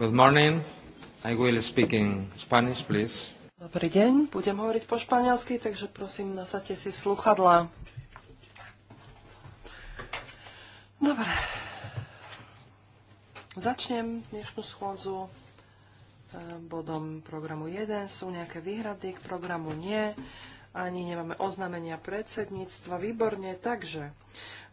Good morning. I will speak in Spanish, please. Dobrý deň, budem hovoriť po španielsky, takže prosím, nasadte si sluchadlá. Dobre. Začnem dnešnú schôdzu eh, bodom programu 1. Sú nejaké výhrady k programu? Nie ani nemáme oznámenia predsedníctva. Výborne, takže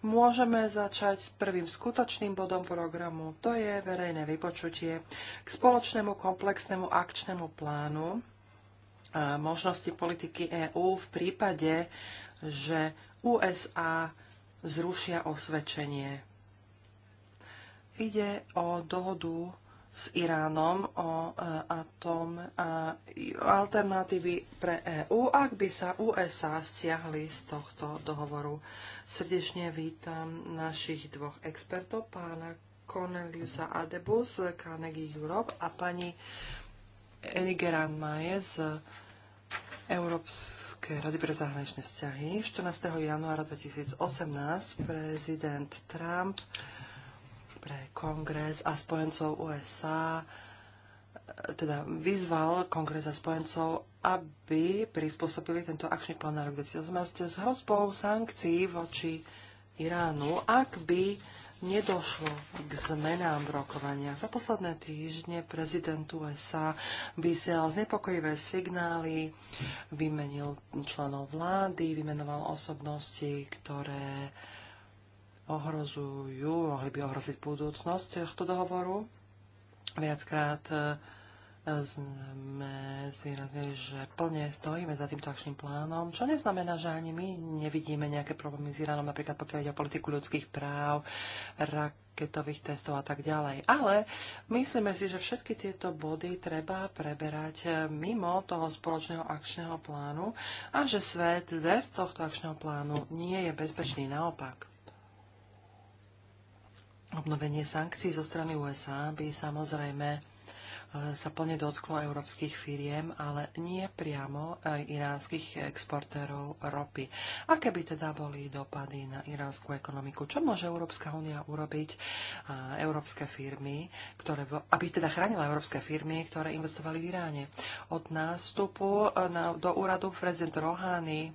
môžeme začať s prvým skutočným bodom programu. To je verejné vypočutie k spoločnému komplexnému akčnému plánu a možnosti politiky EÚ v prípade, že USA zrušia osvedčenie. Ide o dohodu s Iránom o eh, atom a eh, alternatívy pre EÚ, ak by sa USA stiahli z tohto dohovoru. Srdečne vítam našich dvoch expertov, pána Corneliusa Adebu z Carnegie Europe a pani Enigeran Maje z Európskej rady pre zahraničné vzťahy. 14. januára 2018 prezident Trump pre kongres a spojencov USA, teda vyzval kongres a spojencov, aby prispôsobili tento akčný plán na rok 2018 s hrozbou sankcií voči Iránu, ak by nedošlo k zmenám v Za posledné týždne prezident USA vysielal znepokojivé signály, vymenil členov vlády, vymenoval osobnosti, ktoré ohrozujú, mohli by ohroziť budúcnosť tohto dohovoru. Viackrát e, sme zvýraznili, že plne stojíme za týmto akčným plánom, čo neznamená, že ani my nevidíme nejaké problémy s Iránom, napríklad pokiaľ ide o politiku ľudských práv, raketových testov a tak ďalej. Ale myslíme si, že všetky tieto body treba preberať e, mimo toho spoločného akčného plánu a že svet bez tohto akčného plánu nie je bezpečný, naopak. Obnovenie sankcií zo strany USA by samozrejme e, sa plne dotklo európskych firiem, ale nie priamo iránskych exportérov ropy. Aké by teda boli dopady na iránsku ekonomiku? Čo môže Európska únia urobiť a európske firmy, ktoré, aby teda chránila európske firmy, ktoré investovali v Iráne? Od nástupu e, na, do úradu prezident Rohany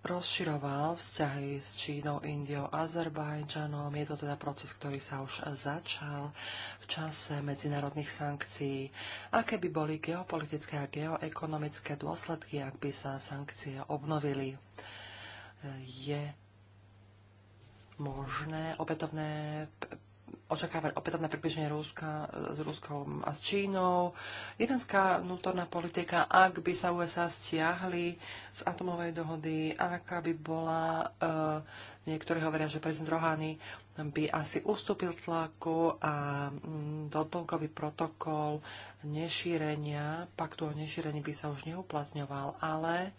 rozširoval vzťahy s Čínou, Indiou, Azerbajdžanom. Je to teda proces, ktorý sa už začal v čase medzinárodných sankcií. Aké by boli geopolitické a geoekonomické dôsledky, ak by sa sankcie obnovili? Je možné opätovné očakávať opätovné približenie Ruska e, s Ruskom a s Čínou. Iránska vnútorná politika, ak by sa USA stiahli z atomovej dohody, aká by bola, e, niektorí hovoria, že prezident Rohany by asi ustúpil tlaku a mm, doplnkový protokol nešírenia, paktu o nešírení by sa už neuplatňoval, ale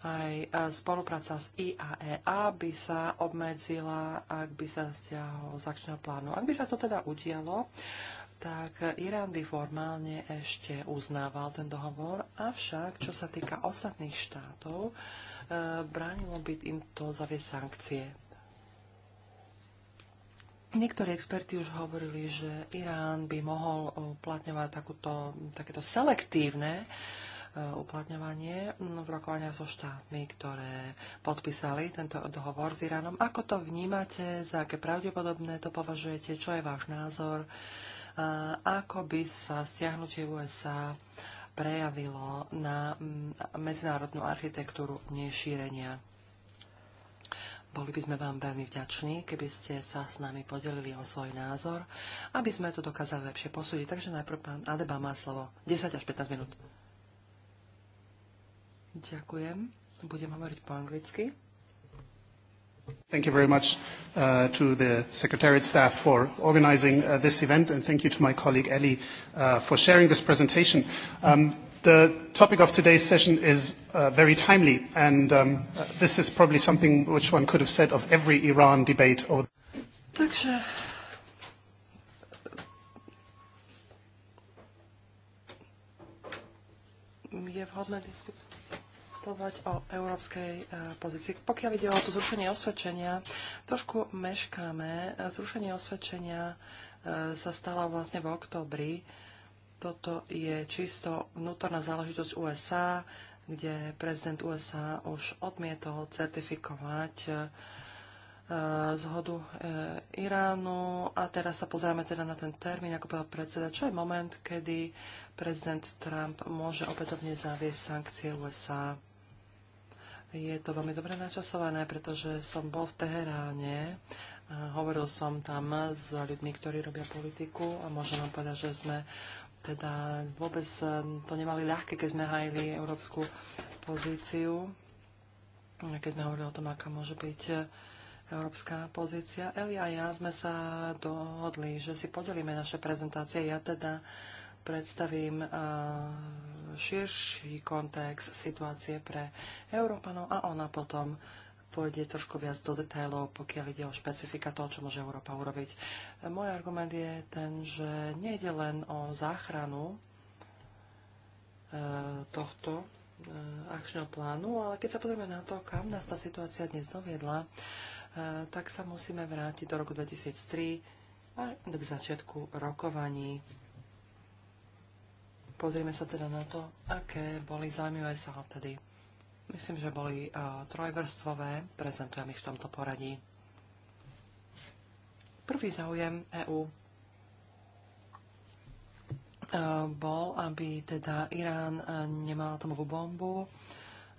aj spolupráca s IAEA e by sa obmedzila, ak by sa zťahol z akčného plánu. Ak by sa to teda udialo, tak Irán by formálne ešte uznával ten dohovor, avšak čo sa týka ostatných štátov, e, bránilo by im to zaviesť sankcie. Niektorí experti už hovorili, že Irán by mohol uplatňovať takéto selektívne Eh, uplatňovanie v mm, rokovania so štátmi, ktoré podpísali tento dohovor s Iránom. Ako to vnímate, za aké pravdepodobné to považujete, čo je váš názor, eh, ako by sa stiahnutie USA prejavilo na mm, medzinárodnú architektúru nešírenia. Boli by sme vám veľmi vďační, keby ste sa s nami podelili o svoj názor, aby sme to dokázali lepšie posúdiť. Takže najprv pán Adeba má slovo 10 až 15 minút. Ďakujem. Budem hovoriť po anglicky. Thank you very much uh, to the Secretariat staff for organizing uh, this event, and thank you to my colleague Ellie uh, for sharing this presentation. Um, the topic of today's session is uh, very timely, and um, uh, this is probably something which one could have said of every Iran debate. Or Takže je vhodné diskutovať diskutovať o európskej e, pozícii. Pokiaľ ide o to zrušenie osvedčenia, trošku meškáme. Zrušenie osvedčenia e, sa stalo vlastne v oktobri. Toto je čisto vnútorná záležitosť USA, kde prezident USA už odmietol certifikovať e, zhodu Iránu a teraz sa pozrieme teda na ten termín, ako povedal predseda, čo je moment, kedy prezident Trump môže opätovne zaviesť sankcie USA je to veľmi dobre načasované, pretože som bol v Teheráne. A hovoril som tam s ľuďmi, ktorí robia politiku a môžem vám povedať, že sme teda vôbec eh, to nemali ľahké, keď sme hajili európsku pozíciu, keď sme hovorili o tom, aká môže byť eh, európska pozícia. Eli a ja sme sa dohodli, že si podelíme naše prezentácie. Ja teda predstavím eh, širší kontext situácie pre Európanov a ona potom pôjde trošku viac do detailov, pokiaľ ide o špecifika toho, čo môže Európa urobiť. Môj argument je ten, že nejde len o záchranu eh, tohto eh, akčného plánu, ale keď sa pozrieme na to, kam nás tá situácia dnes doviedla, tak sa musíme vrátiť do roku 2003 a k začiatku rokovaní Pozrieme sa teda na to, aké boli zaujímavé sa tedy. Myslím, že boli uh, trojvrstvové, prezentujem ich v tomto poradí. Prvý záujem EÚ e, bol, aby teda Irán e, nemal atomovú bombu,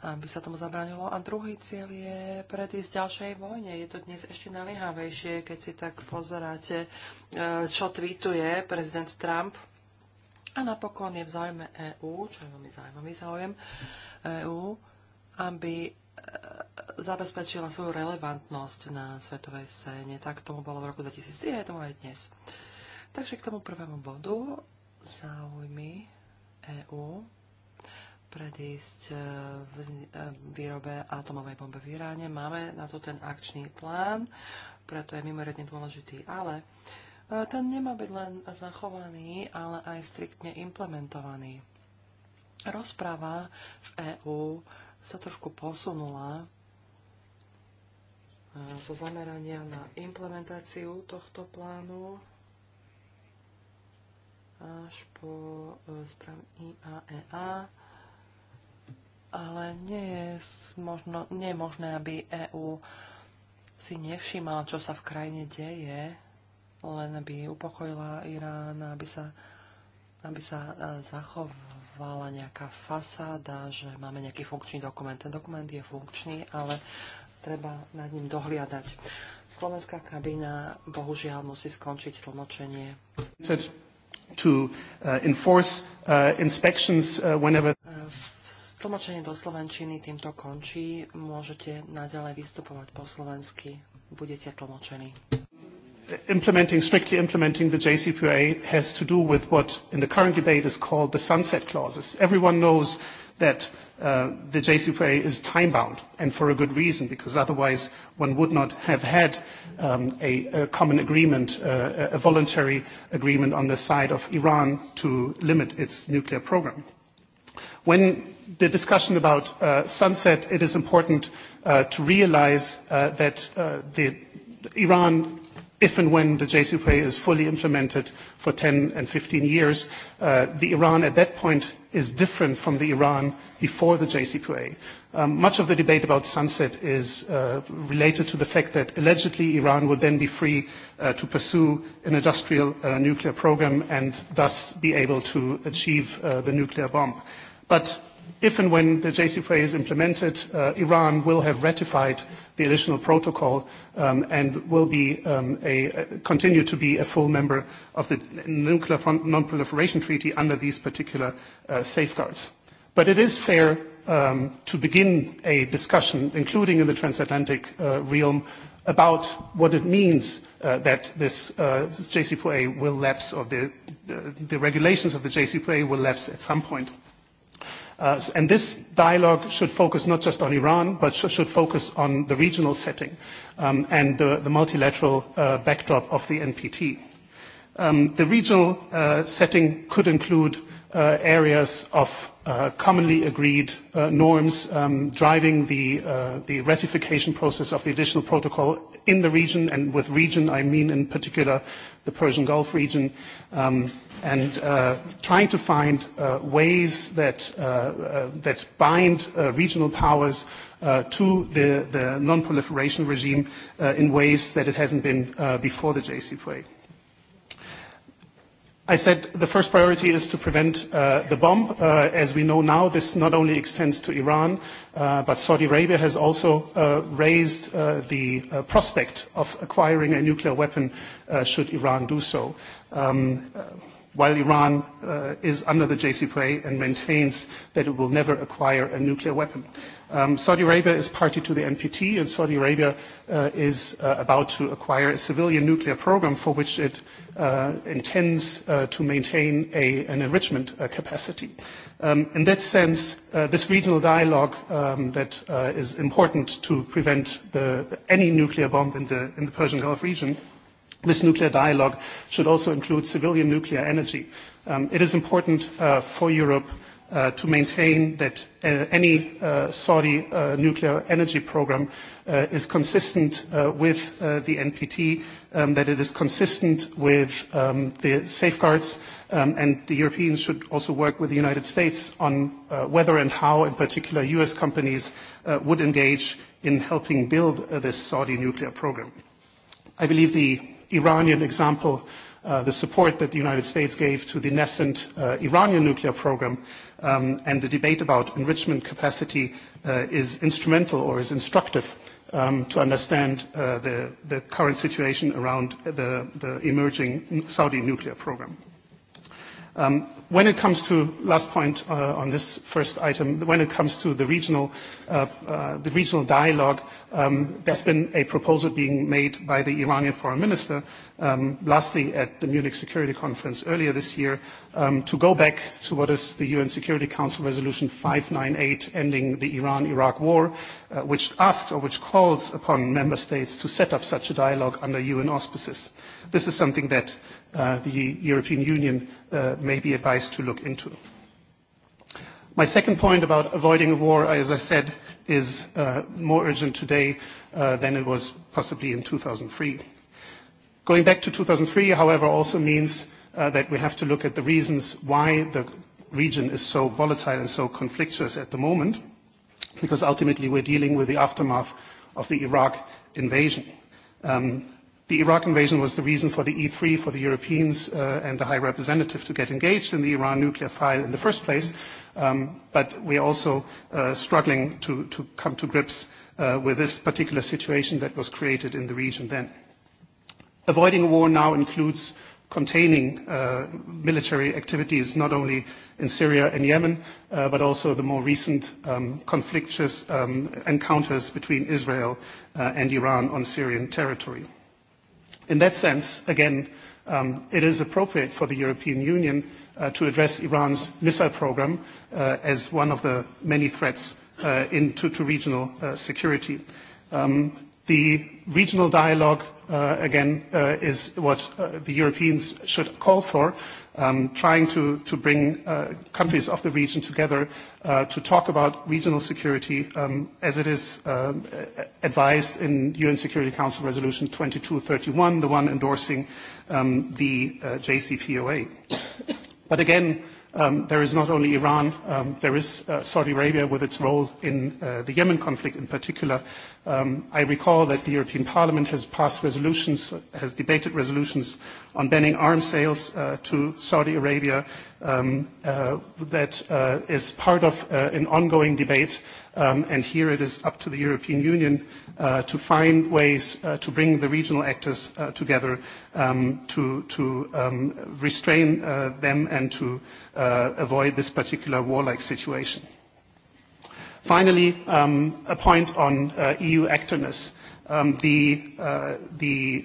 aby sa tomu zabránilo. A druhý cieľ je predísť ďalšej vojne. Je to dnes ešte naliehavejšie, keď si tak pozeráte, čo tweetuje prezident Trump. A napokon je v záujme EÚ, čo je veľmi zaujímavý záujem EÚ, aby e, zabezpečila svoju relevantnosť na svetovej scéne. Tak tomu bolo v roku 2003 a je tomu aj dnes. Takže k tomu prvému bodu záujmy EÚ predísť e, v e, výrobe atomovej bomby v Iráne. Máme na to ten akčný plán, preto je mimoriadne dôležitý, ale uh, ten nemá byť len zachovaný, ale aj striktne implementovaný. Rozprava v EÚ sa trošku posunula e, zo zamerania na implementáciu tohto plánu až po e, správy IAEA, e ale nie je, možno, nie je možné, aby EÚ si nevšímala, čo sa v krajine deje len by upokojila Irán, aby sa, aby sa zachovala nejaká fasáda, že máme nejaký funkčný dokument. Ten dokument je funkčný, ale treba nad ním dohliadať. Slovenská kabína bohužiaľ musí skončiť tlmočenie. To, uh, enforce, uh, inspections, uh, whenever... Uh, tlmočenie do slovenčiny týmto končí. Môžete naďalej vystupovať po slovensky. Budete tlmočení implementing, strictly implementing the JCPOA has to do with what in the current debate is called the sunset clauses. Everyone knows that uh, the JCPOA is time-bound, and for a good reason, because otherwise one would not have had um, a, a common agreement, uh, a voluntary agreement on the side of Iran to limit its nuclear program. When the discussion about uh, sunset, it is important uh, to realize uh, that uh, the Iran if and when the JCPOA is fully implemented for 10 and 15 years, uh, the Iran at that point is different from the Iran before the JCPOA. Um, much of the debate about sunset is uh, related to the fact that allegedly Iran would then be free uh, to pursue an industrial uh, nuclear program and thus be able to achieve uh, the nuclear bomb. But if and when the JCPOA is implemented, uh, Iran will have ratified the additional protocol um, and will be um, a, a, continue to be a full member of the nuclear non-proliferation treaty under these particular uh, safeguards. But it is fair um, to begin a discussion, including in the transatlantic uh, realm, about what it means uh, that this uh, JCPOA will lapse or the, the, the regulations of the JCPOA will lapse at some point. Uh, and this dialogue should focus not just on Iran, but sh should focus on the regional setting um, and the, the multilateral uh, backdrop of the NPT. Um, the regional uh, setting could include uh, areas of uh, commonly agreed uh, norms um, driving the, uh, the ratification process of the additional protocol in the region, and with region I mean in particular the Persian Gulf region, um, and uh, trying to find uh, ways that, uh, uh, that bind uh, regional powers uh, to the, the non-proliferation regime uh, in ways that it hasn't been uh, before the JCPOA. I said the first priority is to prevent uh, the bomb. Uh, as we know now, this not only extends to Iran, uh, but Saudi Arabia has also uh, raised uh, the uh, prospect of acquiring a nuclear weapon uh, should Iran do so. Um, uh, while Iran uh, is under the JCPOA and maintains that it will never acquire a nuclear weapon. Um, Saudi Arabia is party to the NPT, and Saudi Arabia uh, is uh, about to acquire a civilian nuclear program for which it uh, intends uh, to maintain a, an enrichment uh, capacity. Um, in that sense, uh, this regional dialogue um, that uh, is important to prevent the, any nuclear bomb in the, in the Persian Gulf region uh, This nuclear dialogue should also include civilian nuclear energy. Um, it is important uh, for Europe uh, to maintain that uh, any uh, Saudi uh, nuclear energy program uh, is consistent uh, with uh, the NPT, um, that it is consistent with um, the safeguards, um, and the Europeans should also work with the United States on uh, whether and how, in particular, U.S. companies uh, would engage in helping build uh, this Saudi nuclear program. I believe the Iranian example, uh, the support that the United States gave to the nascent uh, Iranian nuclear program um, and the debate about enrichment capacity uh, is instrumental or is instructive um, to understand uh, the, the current situation around the, the emerging Saudi nuclear program. Um, when it comes to last point uh, on this first item, when it comes to the regional, uh, uh, the regional dialogue, um, there's been a proposal being made by the Iranian foreign minister, um, lastly at the Munich Security Conference earlier this year, um, to go back to what is the UN Security Council Resolution 598 ending the Iran-Iraq war, uh, which asks or which calls upon member states to set up such a dialogue under UN auspices. This is something that Uh, the European Union uh, may be advised to look into. My second point about avoiding a war, as I said, is uh, more urgent today uh, than it was possibly in 2003. Going back to 2003, however, also means uh, that we have to look at the reasons why the region is so volatile and so conflictuous at the moment, because ultimately we're dealing with the aftermath of the Iraq invasion. Um, The Iraq invasion was the reason for the E3, for the Europeans uh, and the High Representative to get engaged in the Iran nuclear file in the first place. Um, but are also uh, struggling to, to come to grips uh, with this particular situation that was created in the region then. Avoiding a war now includes containing uh, military activities not only in Syria and Yemen, uh, but also the more recent um, conflictious um, encounters between Israel uh, and Iran on Syrian territory. In that sense, again, um, it is appropriate for the European Union uh, to address Iran's missile program uh, as one of the many threats uh, to regional uh, security. Um, the regional dialogue, uh, again, uh, is what uh, the Europeans should call for, um, trying to, to bring uh, countries of the region together uh, to talk about regional security um, as it is um, advised in UN Security Council Resolution 2231, the one endorsing um, the uh, JCPOA. but again, um, there is not only Iran, um, there is uh, Saudi Arabia with its role in uh, the Yemen conflict in particular, Um, I recall that the European Parliament has passed resolutions, has debated resolutions on banning arms sales uh, to Saudi Arabia um, uh, that uh, is part of an ongoing debate. Um, and here it is up to the European Union to find ways to bring the regional actors together to, restrain them and to avoid this particular warlike situation. Finally, um, a point on uh, EU actorness. Um, the, uh, the,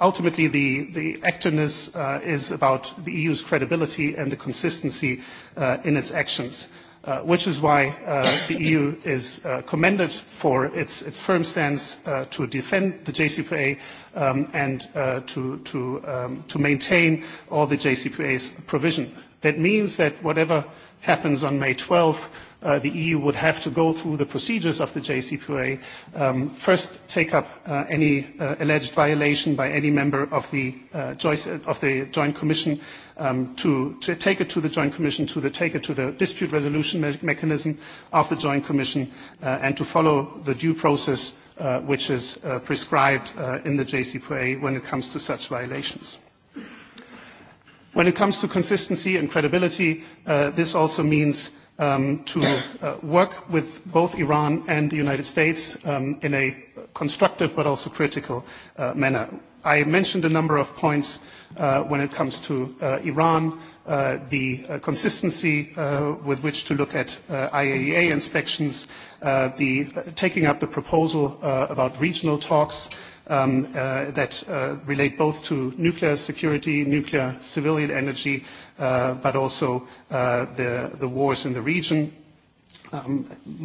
ultimately, the, the actorness uh, is about the EU's credibility and the consistency uh, in its actions. Uh, which is why uh, the EU is uh, commended for its, its firm stance uh, to defend the JCPOA um, and uh, to, to, um, to maintain all the JCPOA's provision. That means that whatever happens on May 12th, Uh, the EU would have to go through the procedures of the JCPOA, um, first take up uh, any uh, alleged violation by any member of the, uh, joint, uh, of the Joint Commission um, to, to take it to the Joint Commission, to the, take it to the dispute resolution me- mechanism of the Joint Commission, uh, and to follow the due process uh, which is uh, prescribed uh, in the JCPOA when it comes to such violations. When it comes to consistency and credibility, uh, this also means um, to uh, work with both Iran and the United States um, in a constructive but also critical uh, manner. I mentioned a number of points uh, when it comes to uh, Iran, uh, the uh, consistency uh, with which to look at uh, IAEA e inspections, uh, the uh, taking up the proposal uh, about regional talks, um, uh, that uh, relate both to nuclear security, nuclear civilian energy, uh, but also uh, the, the wars in the region Um,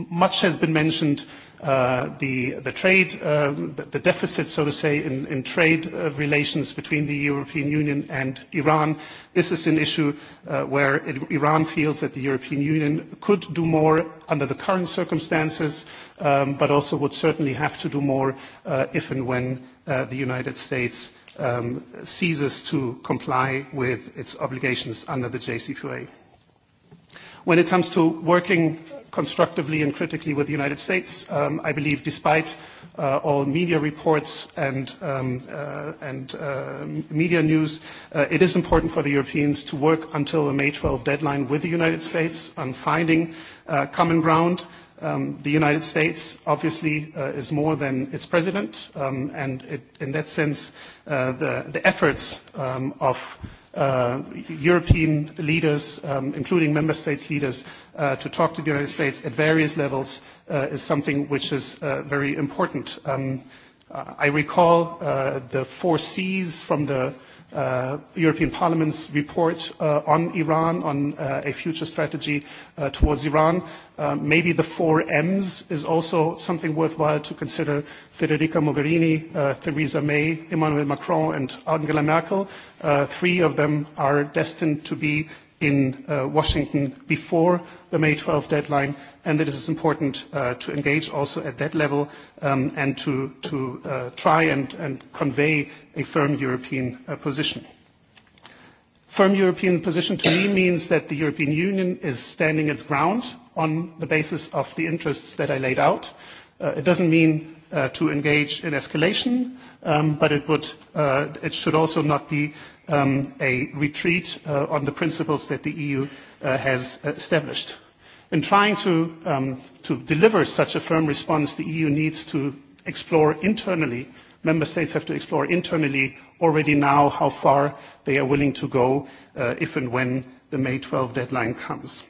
much has been mentioned, uh, the, the trade, uh, the, the deficit, so to say, in, in trade uh, relations between the European Union and Iran. This is an issue uh, where Iran feels that the European Union could do more under the current circumstances, um, but also would certainly have to do more uh, if and when uh, the United States um, ceases to comply with its obligations under the JCPOA. When it comes to working constructively and critically with the United States. Um, I believe despite uh, all media reports and, um, uh, and uh, media news, uh, it is important for the Europeans to work until the May 12 deadline with the United States on finding uh, common ground. Um, the United States obviously uh, is more than its president, um, and it, in that sense, uh, the, the efforts um, of uh, European leaders, um, including member states leaders, uh, to talk to the United States at various levels uh, is something which is uh, very important. Um, uh, I recall uh, the four Cs from the uh, European Parliament's report uh, on Iran, on uh, a future strategy uh, towards Iran. Uh, maybe the four M's is also something worthwhile to consider. Federica Mogherini, uh, Theresa May, Emmanuel Macron, and Angela Merkel. Uh, three of them are destined to be in uh, Washington before the May 12 deadline, and that it is important uh, to engage also at that level um, and to, to uh, try and, and convey a firm European uh, position. Firm European position to me means that the European Union is standing its ground on the basis of the interests that I laid out. Uh, it doesn't mean uh, to engage in escalation, um, but it, would, uh, it should also not be um, a retreat uh, on the principles that the EU uh, has established. In trying to, um, to deliver such a firm response, the EU needs to explore internally member states have to explore internally already now how far they are willing to go uh, if and when the May 12 deadline comes.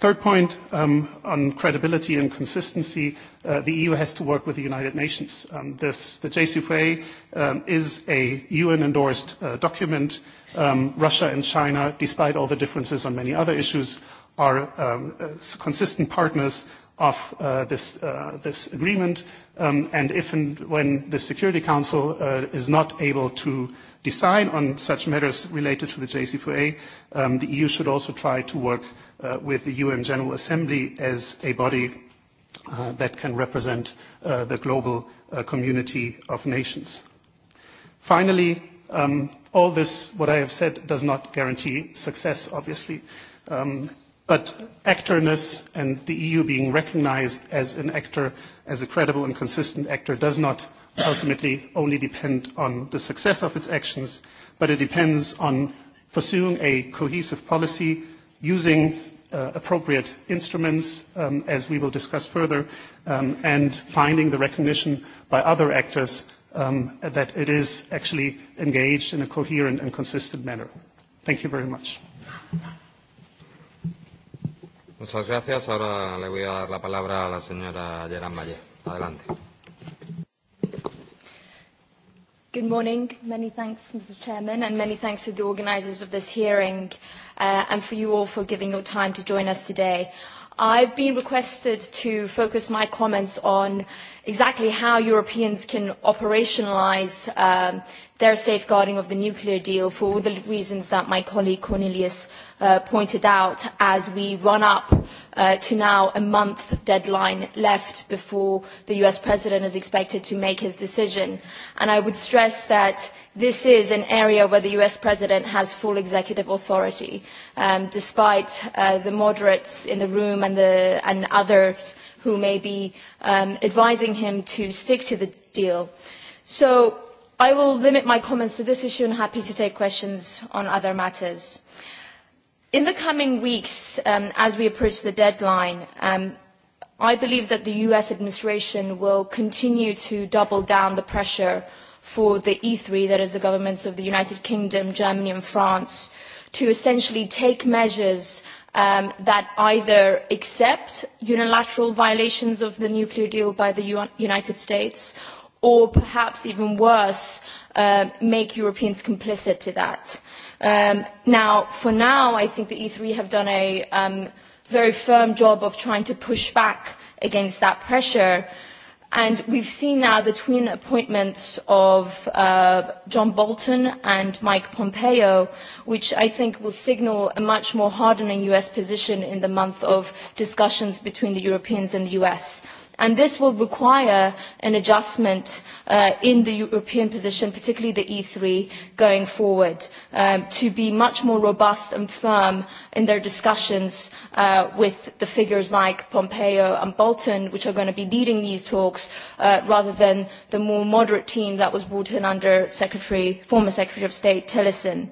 Third point, um, on credibility and consistency, uh, the EU has to work with the United Nations. Um, this, the JCPOA um, is a UN-endorsed uh, document. Um, Russia and China, despite all the differences on many other issues, are um, uh, consistent partners of uh, this, uh, this agreement. Um, and if and when the Security Council uh, is not able to decide on such matters related to the JCPOA, um, the EU should also try to work – uh, with the UN General Assembly as a body uh, that can represent uh, the global uh, community of nations. Finally, um, all this, what I have said, does not guarantee success, obviously. Um, but actorness and the EU being recognized as an actor, as a credible and consistent actor, does not ultimately only depend on the success of its actions, but it depends on pursuing a cohesive policy using uh, appropriate instruments, um, as we will discuss further, um, and finding the recognition by other actors um, that it is actually engaged in a coherent and consistent manner. Thank you very much. Muchas gracias. Ahora le voy a dar la palabra a la señora Adelante. Good morning. Many thanks, Mr. Chairman, and many thanks to the organisers of this hearing uh, and for you all for giving your time to join us today. I've been requested to focus my comments on exactly how Europeans can operationalise um, their safeguarding of the nuclear deal for all the reasons that my colleague Cornelius uh, pointed out as we run up uh, to now a month deadline left before the US President is expected to make his decision. And I would stress that this is an area where the US president has full executive authority, um, despite uh, the moderates in the room and, the, and others who may be um, advising him to stick to the deal. So I will limit my comments to this issue and happy to take questions on other matters. In the coming weeks, um, as we approach the deadline, um, I believe that the US administration will continue to double down the pressure for the E3, that is the governments of the United Kingdom, Germany and France, to essentially take measures um, that either accept unilateral violations of the nuclear deal by the U United States or perhaps even worse, uh, make Europeans complicit to that. Um, now, for now, I think the E3 have done a um, very firm job of trying to push back against that pressure. And we've seen now the twin appointments of uh, John Bolton and Mike Pompeo, which I think will signal a much more hardening US position in the month of discussions between the Europeans and the US. And this will require an adjustment uh, uh, in the European position, particularly the E3, going forward, um, to be much more robust and firm in their discussions uh, with the figures like Pompeo and Bolton, which are going to be leading these talks, uh, rather than the more moderate team that was brought in under Secretary, former Secretary of State Tillerson.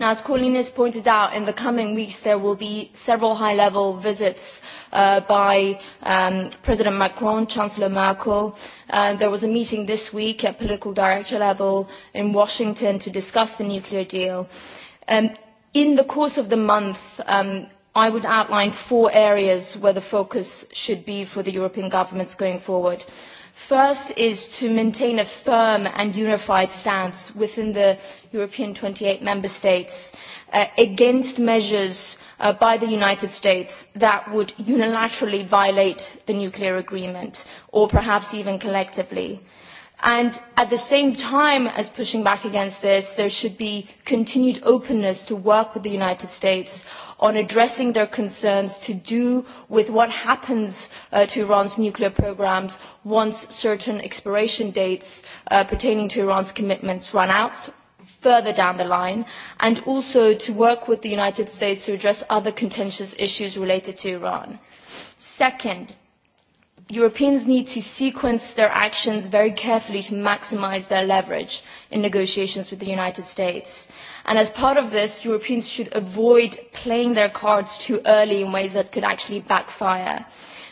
Now, as Colleen has pointed out, in the coming weeks there will be several high-level visits uh, by um, President Macron, Chancellor Merkel. Uh, there was a meeting this week at political director level in Washington to discuss the nuclear deal. Um, in the course of the month, um, I would outline four areas where the focus should be for the European governments going forward. First is to maintain a firm and unified stance within the European 28 member states uh, against measures uh, by the United States that would unilaterally violate the nuclear agreement or perhaps even collectively. And at the same time as pushing back against this, there should be continued openness to work with the United States on addressing their concerns to do with what happens uh, to Iran's nuclear programmes once certain expiration dates uh, pertaining to Iran's commitments run out further down the line, and also to work with the United States to address other contentious issues related to Iran. Second, Europeans need to sequence their actions very carefully to maximise their leverage in negotiations with the United States. And as part of this, Europeans should avoid playing their cards too early in ways that could actually backfire.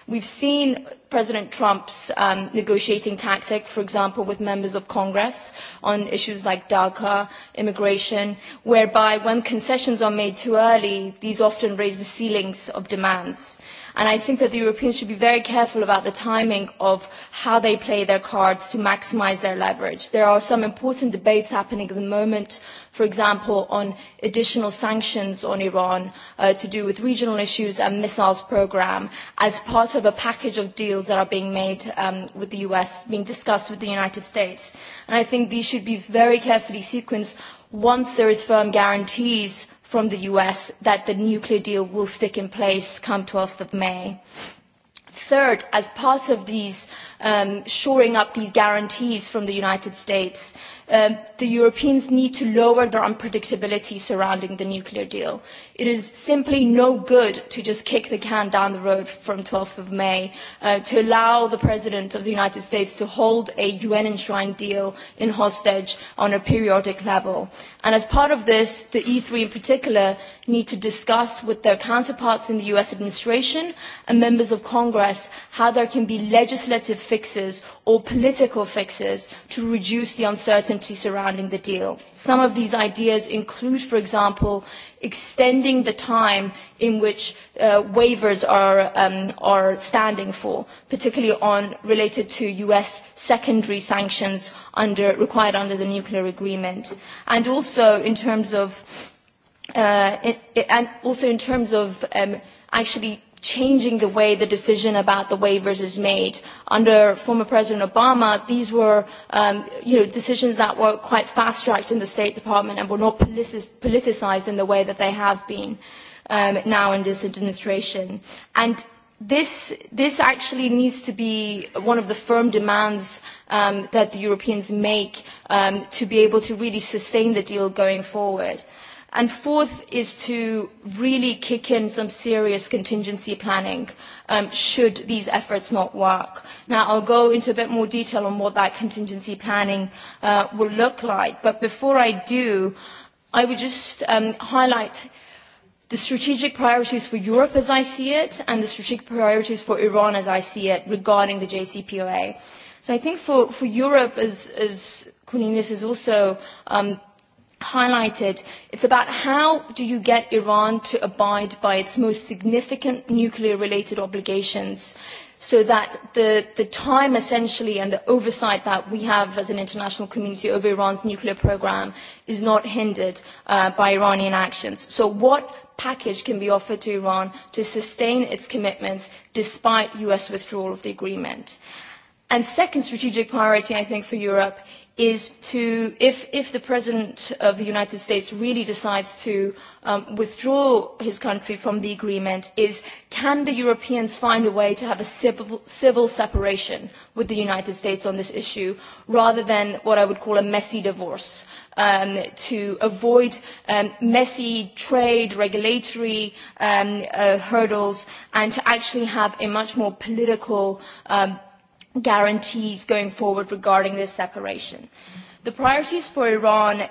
We've seen President Trump's um, negotiating tactic, for example, with members of Congress on issues like DACA, immigration, whereby when concessions are made too early, these often raise the ceilings of demands. And I think that the Europeans should be very careful about the timing of how they play their cards to maximise their leverage. There are some important debates happening at the moment, for example, on additional sanctions on Iran uh, to do with regional issues and missiles programme as part of a package of deals that are being made um, with the US, being discussed with the United States. And I think these should be very carefully sequenced once there is firm guarantees from the US that the nuclear deal will stick in place come 12th of May. Third, as part of these um, shoring up these guarantees from the United States, um, the Europeans need to lower their unpredictability surrounding the nuclear deal. It is simply no good to just kick the can down the road from 12th of May, uh, to allow the President of the United States to hold a UN-enshrined deal in hostage on a periodic level. And as part of this, the E3 in particular need to discuss with their counterparts in the US administration and members of Congress how there can be legislative fixes or political fixes to reduce the uncertainty uncertainty surrounding the deal. Some of these ideas include, for example, extending the time in which uh, waivers are, um, are standing for, particularly on related to US secondary sanctions under, required under the nuclear agreement. And also in terms of, uh, it, it, and also in terms of um, actually changing the way the decision about the waivers is made. Under former President Obama, these were um, you know, decisions that were quite fast-tracked in the State Department and were not politicized in the way that they have been um, now in this administration. And this, this actually needs to be one of the firm demands um, that the Europeans make um, to be able to really sustain the deal going forward. And fourth is to really kick in some serious contingency planning um, should these efforts not work. Now, I'll go into a bit more detail on what that contingency planning uh, will look like. But before I do, I would just um, highlight the strategic priorities for Europe as I see it and the strategic priorities for Iran as I see it regarding the JCPOA. So I think for, for Europe, as, as Cornelius has also um, highlighted, it's about how do you get Iran to abide by its most significant nuclear-related obligations so that the, the time essentially and the oversight that we have as an international community over Iran's nuclear program is not hindered uh, by Iranian actions. So what package can be offered to Iran to sustain its commitments despite US withdrawal of the agreement? And second strategic priority, I think, for Europe is to, if, if the President of the United States really decides to um, withdraw his country from the agreement, is can the Europeans find a way to have a civil, civil separation with the United States on this issue, rather than what I would call a messy divorce, um, to avoid um, messy trade, regulatory um, uh, hurdles, and to actually have a much more political um, guarantees going forward regarding this separation. The priorities for Iran,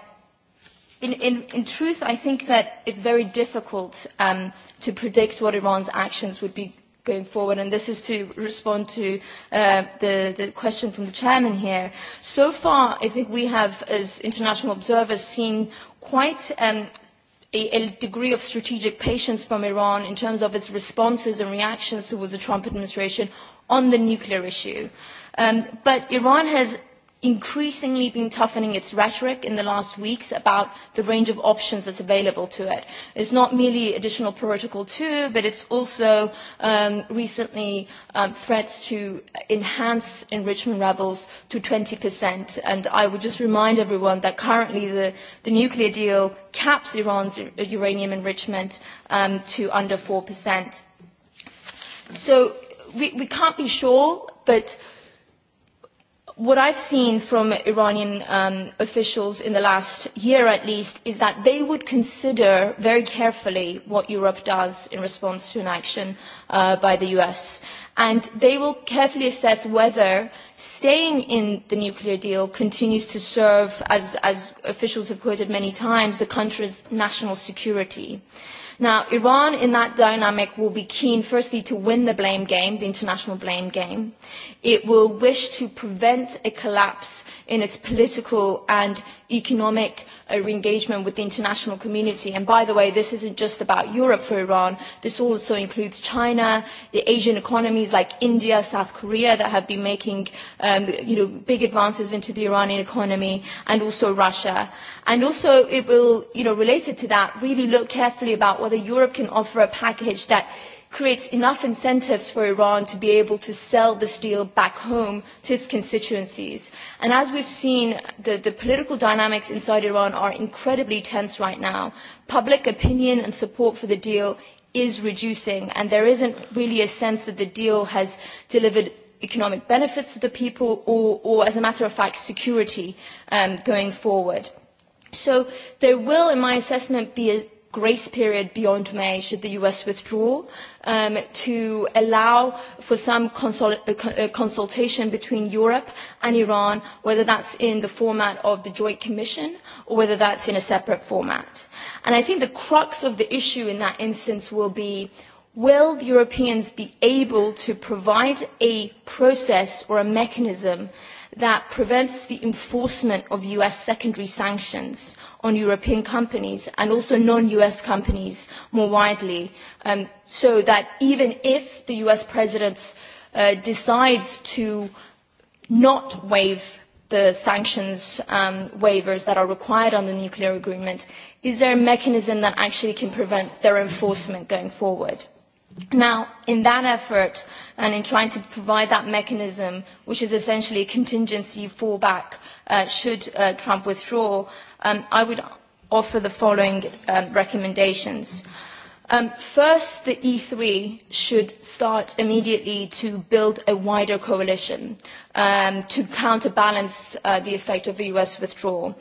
in, in, in truth, I think that it's very difficult um, to predict what Iran's actions would be going forward, and this is to respond to uh, the, the question from the chairman here. So far, I think we have, as international observers, seen quite um, a, degree of strategic patience from Iran in terms of its responses and reactions towards the Trump administration on the nuclear issue. Um, but Iran has increasingly been toughening its rhetoric in the last weeks about the range of options that's available to it. It's not merely additional protocol two, but it's also um, recently um, threats to enhance enrichment levels to 20%. And I would just remind everyone that currently the, the nuclear deal caps Iran's uranium enrichment um, to under 4%. So we, we can't be sure, but what I've seen from Iranian um, officials in the last year at least is that they would consider very carefully what Europe does in response to an action uh, by the US. And they will carefully assess whether staying in the nuclear deal continues to serve, as, as officials have quoted many times, the country's national security. Uh, Now, Iran in that dynamic will be keen, firstly, to win the blame game, the international blame game. It will wish to prevent a collapse in its political and economic re-engagement uh, with the international community. And by the way, this isn't just about Europe for Iran. This also includes China, the Asian economies like India, South Korea that have been making um, you know, big advances into the Iranian economy, and also Russia. And also it will, you know, related to that, really look carefully about whether Europe can offer a package that creates enough incentives for Iran to be able to sell this deal back home to its constituencies. And as we've seen, the, the political dynamics inside Iran are incredibly tense right now. Public opinion and support for the deal is reducing, and there isn't really a sense that the deal has delivered economic benefits to the people or, or as a matter of fact, security um, going forward. So there will, in my assessment, be a grace period beyond May should the US withdraw um, to allow for some consul- uh, uh, consultation between Europe and Iran, whether that's in the format of the Joint Commission or whether that's in a separate format. And I think the crux of the issue in that instance will be will Europeans be able to provide a process or a mechanism that prevents the enforcement of US secondary sanctions on European companies and also non-US companies more widely, um, so that even if the US president uh, decides to not waive the sanctions um, waivers that are required under the nuclear agreement, is there a mechanism that actually can prevent their enforcement going forward? Now, in that effort and in trying to provide that mechanism, which is essentially a contingency fallback uh, should uh, Trump withdraw, um, I would offer the following um, recommendations. Um, first, the E3 should start immediately to build a wider coalition um, to counterbalance uh, the effect of the US withdrawal.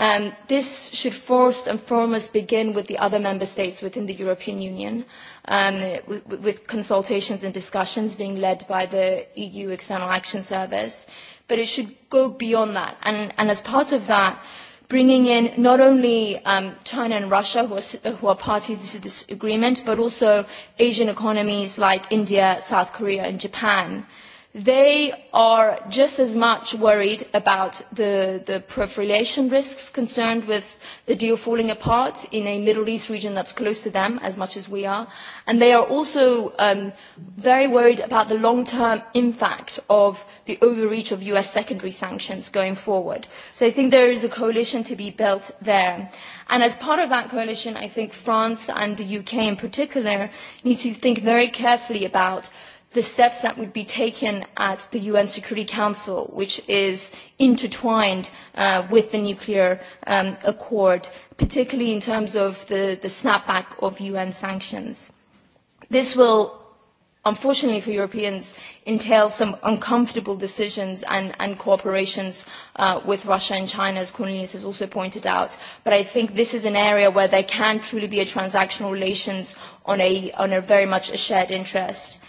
Um, this should first and foremost begin with the other member states within the European Union, um, with, with consultations and discussions being led by the EU External Action Service. But it should go beyond that. And, and as part of that, bringing in not only um, China and Russia, who are, who are parties to this agreement, but also Asian economies like India, South Korea, and Japan they are just as much worried about the, the proliferation risks concerned with the deal falling apart in a Middle East region that's close to them as much as we are. And they are also um, very worried about the long-term impact of the overreach of US secondary sanctions going forward. So I think there is a coalition to be built there. And as part of that coalition, I think France and the UK in particular need to think very carefully about the steps that would be taken at the UN Security Council, which is intertwined uh, with the nuclear um, accord, particularly in terms of the, the snapback of UN sanctions. This will, unfortunately for Europeans, entail some uncomfortable decisions and, and cooperations uh, with Russia and China, as Cornelius has also pointed out. But I think this is an area where there can truly be a transactional relations on a, on a very much a shared interest.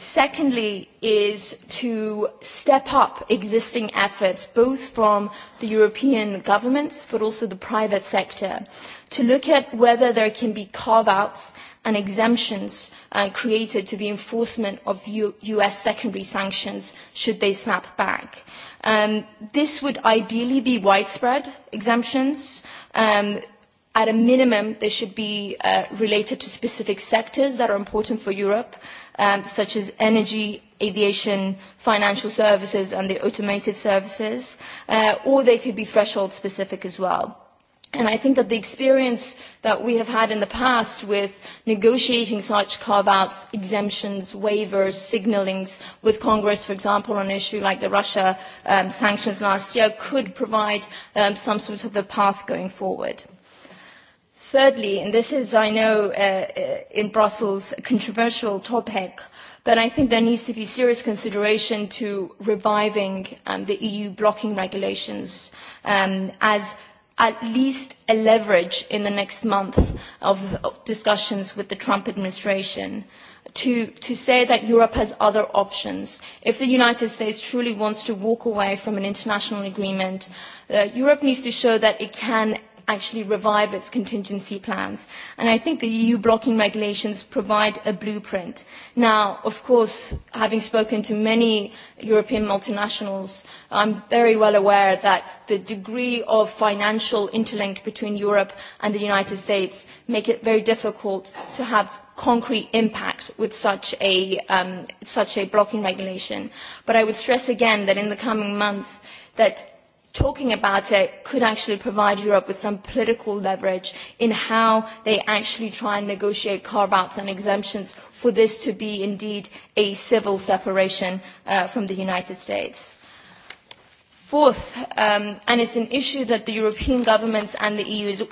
Secondly is to step up existing efforts, both from the European governments but also the private sector, to look at whether there can be carve-outs and exemptions uh, created to the enforcement of U US secondary sanctions should they snap back. Um, this would ideally be widespread exemptions, um, at a minimum, they should be uh, related to specific sectors that are important for Europe, um, such as energy, aviation, financial services, and the automotive services, uh, or they could be threshold specific as well. And I think that the experience that we have had in the past with negotiating such carve-outs, exemptions, waivers, signallings with Congress, for example, on an issue like the Russia um, sanctions last year, could provide um, some sort of a path going forward. Thirdly, and this is, I know, uh, uh, in Brussels, a controversial topic, but I think there needs to be serious consideration to reviving um, the EU blocking regulations um, as at least a leverage in the next month of, discussions with the Trump administration to, to say that Europe has other options. If the United States truly wants to walk away from an international agreement, uh, Europe needs to show that it can actually revive its contingency plans. And I think the EU blocking regulations provide a blueprint. Now, of course, having spoken to many European multinationals, I'm very well aware that the degree of financial interlink between Europe and the United States make it very difficult to have concrete impact with such a, um, such a blocking regulation. But I would stress again that in the coming months that talking about it could actually provide Europe with some political leverage in how they actually try and negotiate carve-outs and exemptions for this to be indeed a civil separation uh, from the United States. Fourth, um, and it's an issue that the European governments and the EU is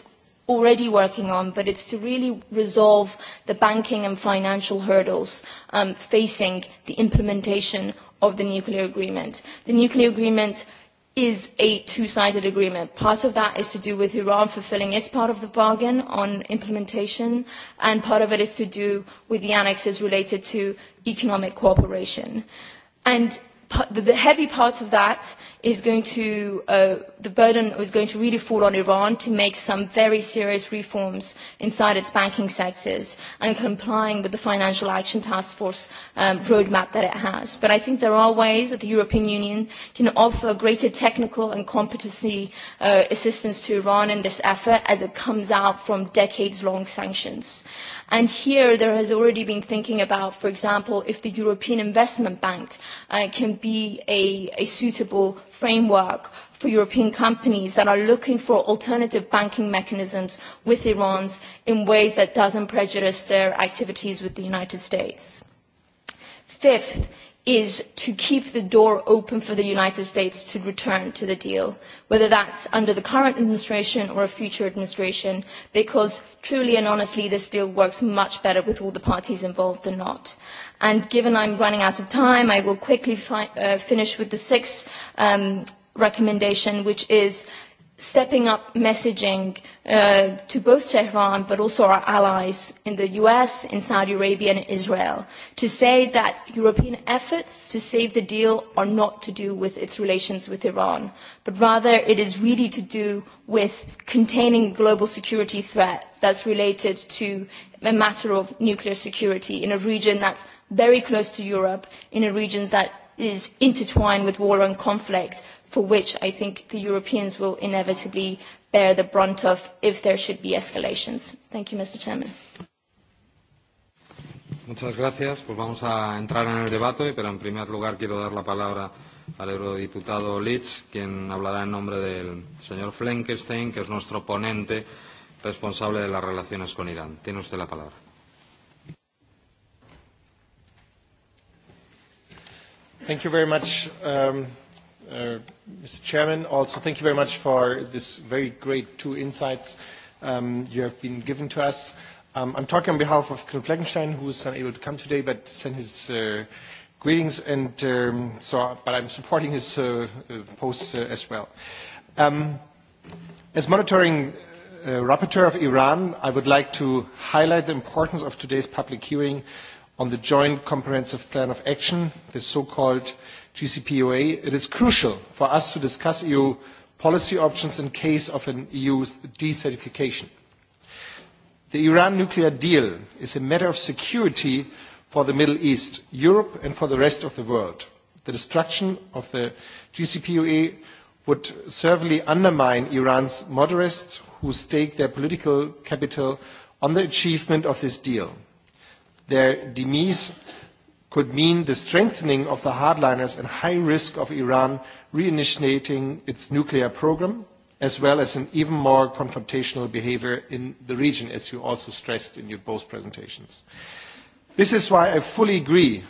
already working on, but it's to really resolve the banking and financial hurdles um, facing the implementation of the nuclear agreement. The nuclear agreement is a two-sided agreement. Part of that is to do with Iran fulfilling its part of the bargain on implementation, and part of it is to do with the annexes related to economic cooperation. And the heavy part of that is going to, uh, the burden is going to really fall on Iran to make some very serious reforms inside its banking sectors and complying with the Financial Action Task Force um, roadmap that it has. But I think there are ways that the European Union can offer greater technical and competency uh, assistance to Iran in this effort as it comes out from decades-long sanctions. And here there has already been thinking about, for example, if the European Investment Bank uh, can be a, a suitable framework for European companies that are looking for alternative banking mechanisms with Iran in ways that doesn't prejudice their activities with the United States. Fifth, is to keep the door open for the United States to return to the deal, whether that's under the current administration or a future administration, because truly and honestly, this deal works much better with all the parties involved than not. And given I'm running out of time, I will quickly fi uh, finish with the sixth um, recommendation, which is stepping up messaging uh, to both Tehran but also our allies in the US, in Saudi Arabia and Israel to say that European efforts to save the deal are not to do with its relations with Iran, but rather it is really to do with containing global security threat that's related to a matter of nuclear security in a region that's very close to Europe in a region that is intertwined with war and conflict for which I think the Europeans will inevitably bear the brunt of if there should be escalations. Thank you, Mr. Chairman. Muchas gracias. Pues vamos a entrar en el debate, pero en primer lugar quiero dar la palabra al eurodiputado Litz, quien hablará en nombre del señor Flenkenstein, que es nuestro ponente responsable de las relaciones con Irán. Tiene usted la palabra. Thank you very much, um, uh, Mr. Chairman. Also, thank you very much for this very great two insights um, you have been given to us. Um, I'm talking on behalf of Knut Fleckenstein, who is unable to come today, but send his uh, greetings, and um, so, but I'm supporting his uh, uh posts uh, as well. Um, as monitoring uh, rapporteur of Iran, I would like to highlight the importance of today's public hearing on the Joint Comprehensive Plan of Action, the so-called GCPOA, it is crucial for us to discuss EU policy options in case of an EU decertification. The Iran nuclear deal is a matter of security for the Middle East, Europe and for the rest of the world. The destruction of the GCPOA would certainly undermine Iran's moderates who stake their political capital on the achievement of this deal. Their demise could mean the strengthening of the hardliners and high risk of Iran reinitiating its nuclear program, as well as an even more confrontational behaviour in the region, as you also stressed in your both presentations. This is why I fully agree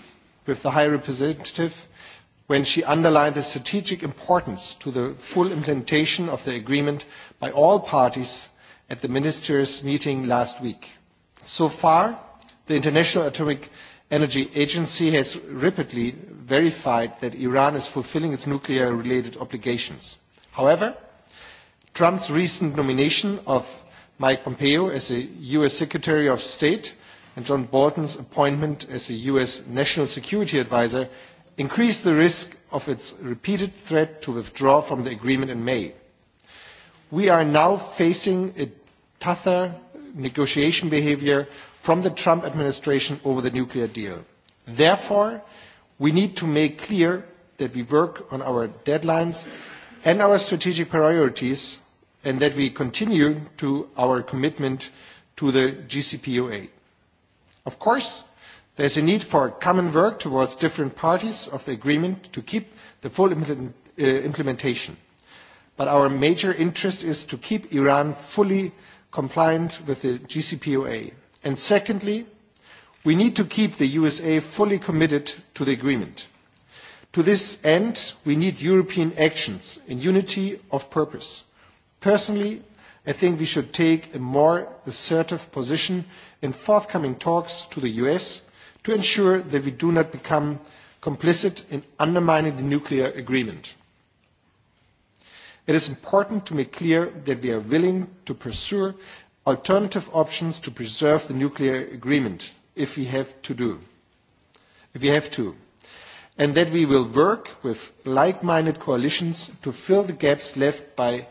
with the High Representative when she underlined the strategic importance to the full implementation of the agreement by all parties at the ministers' meeting last week. So far, The International Atomic Energy Agency has repeatedly verified that Iran is fulfilling its nuclear-related obligations. However, Trump's recent nomination of Mike Pompeo as a U.S. Secretary of State and John Bolton's appointment as a U.S. National Security Advisor increased the risk of its repeated threat to withdraw from the agreement in May. We are now facing a tougher negotiation behavior from the Trump administration over the nuclear deal. Therefore, we need to make clear that we work on our deadlines and our strategic priorities, and that we continue to our commitment to the GCPOA. Of course, there is a need for common work towards different parties of the agreement to keep the full implement, uh, implementation. But our major interest is to keep Iran fully compliant with the GCPOA. And secondly, we need to keep the USA fully committed to the agreement. To this end, we need European actions in unity of purpose. Personally, I think we should take a more assertive position in forthcoming talks to the US to ensure that we do not become complicit in undermining the nuclear agreement. It is important to make clear that we are willing to pursue alternative options to preserve the nuclear agreement if we have to do, and that we will work with like-minded coalitions to fill the gaps left by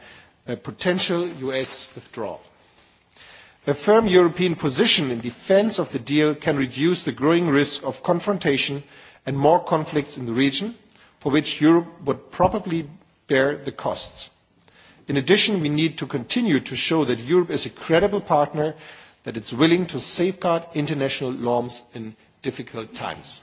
a potential US withdrawal. A firm European position in defence of the deal can reduce the growing risk of confrontation and more conflicts in the region, for which Europe would probably bear the costs. In addition, we need to continue to show that Europe is a credible partner, that it's willing to safeguard international norms in difficult times.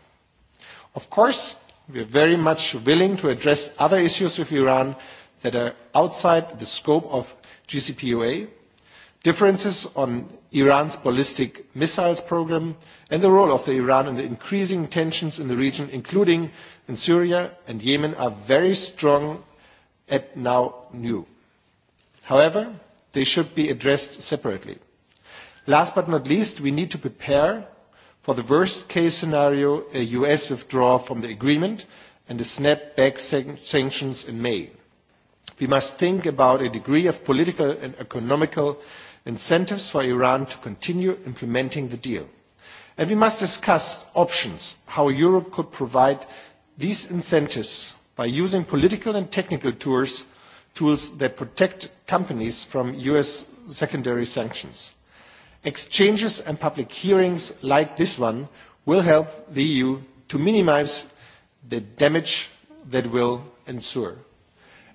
Of course, we are very much willing to address other issues with Iran that are outside the scope of GCPOA, differences on Iran's ballistic missiles program, and the role of the Iran in the increasing tensions in the region, including in Syria and Yemen, are very strong now new. However, they should be addressed separately. Last but not least, we need to prepare for the worst-case scenario, a U.S. withdrawal from the agreement and the snap-back sanctions in May. We must think about a degree of political and economical incentives for Iran to continue implementing the deal. And we must discuss options, how Europe could provide these incentives by using political and technical tools, tools that protect companies from US secondary sanctions. Exchanges and public hearings like this one will help the EU to minimize the damage that will ensue.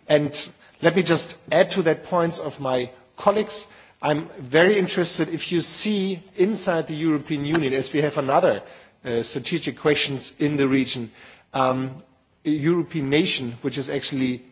And let me just add to that points of my colleagues. I'm very interested if you see inside the European Union, as we have another uh, strategic questions in the region, um, a European nation which is actually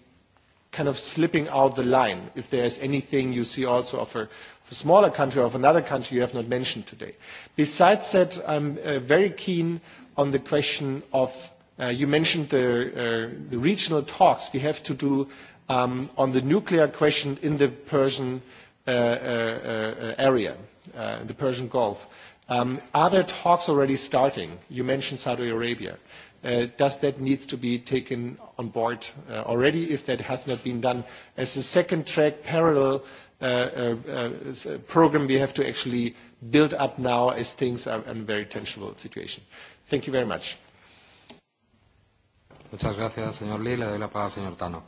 kind of slipping out the line, if there is anything you see also of a, of a smaller country or of another country you have not mentioned today. Besides that, I'm uh, very keen on the question of, uh, you mentioned the, uh, the regional talks we have to do um, on the nuclear question in the Persian uh, uh, uh, area, uh, the Persian Gulf. Um, are there talks already starting? You mentioned Saudi Arabia. Uh, does that need to be taken on board uh, already if that has not been done? As a second track parallel uh, program, we have to actually build up now as things are in a very tangible situation. Thank you very much. Muchas gracias, señor Lee. Le doy la palabra al señor Tannock.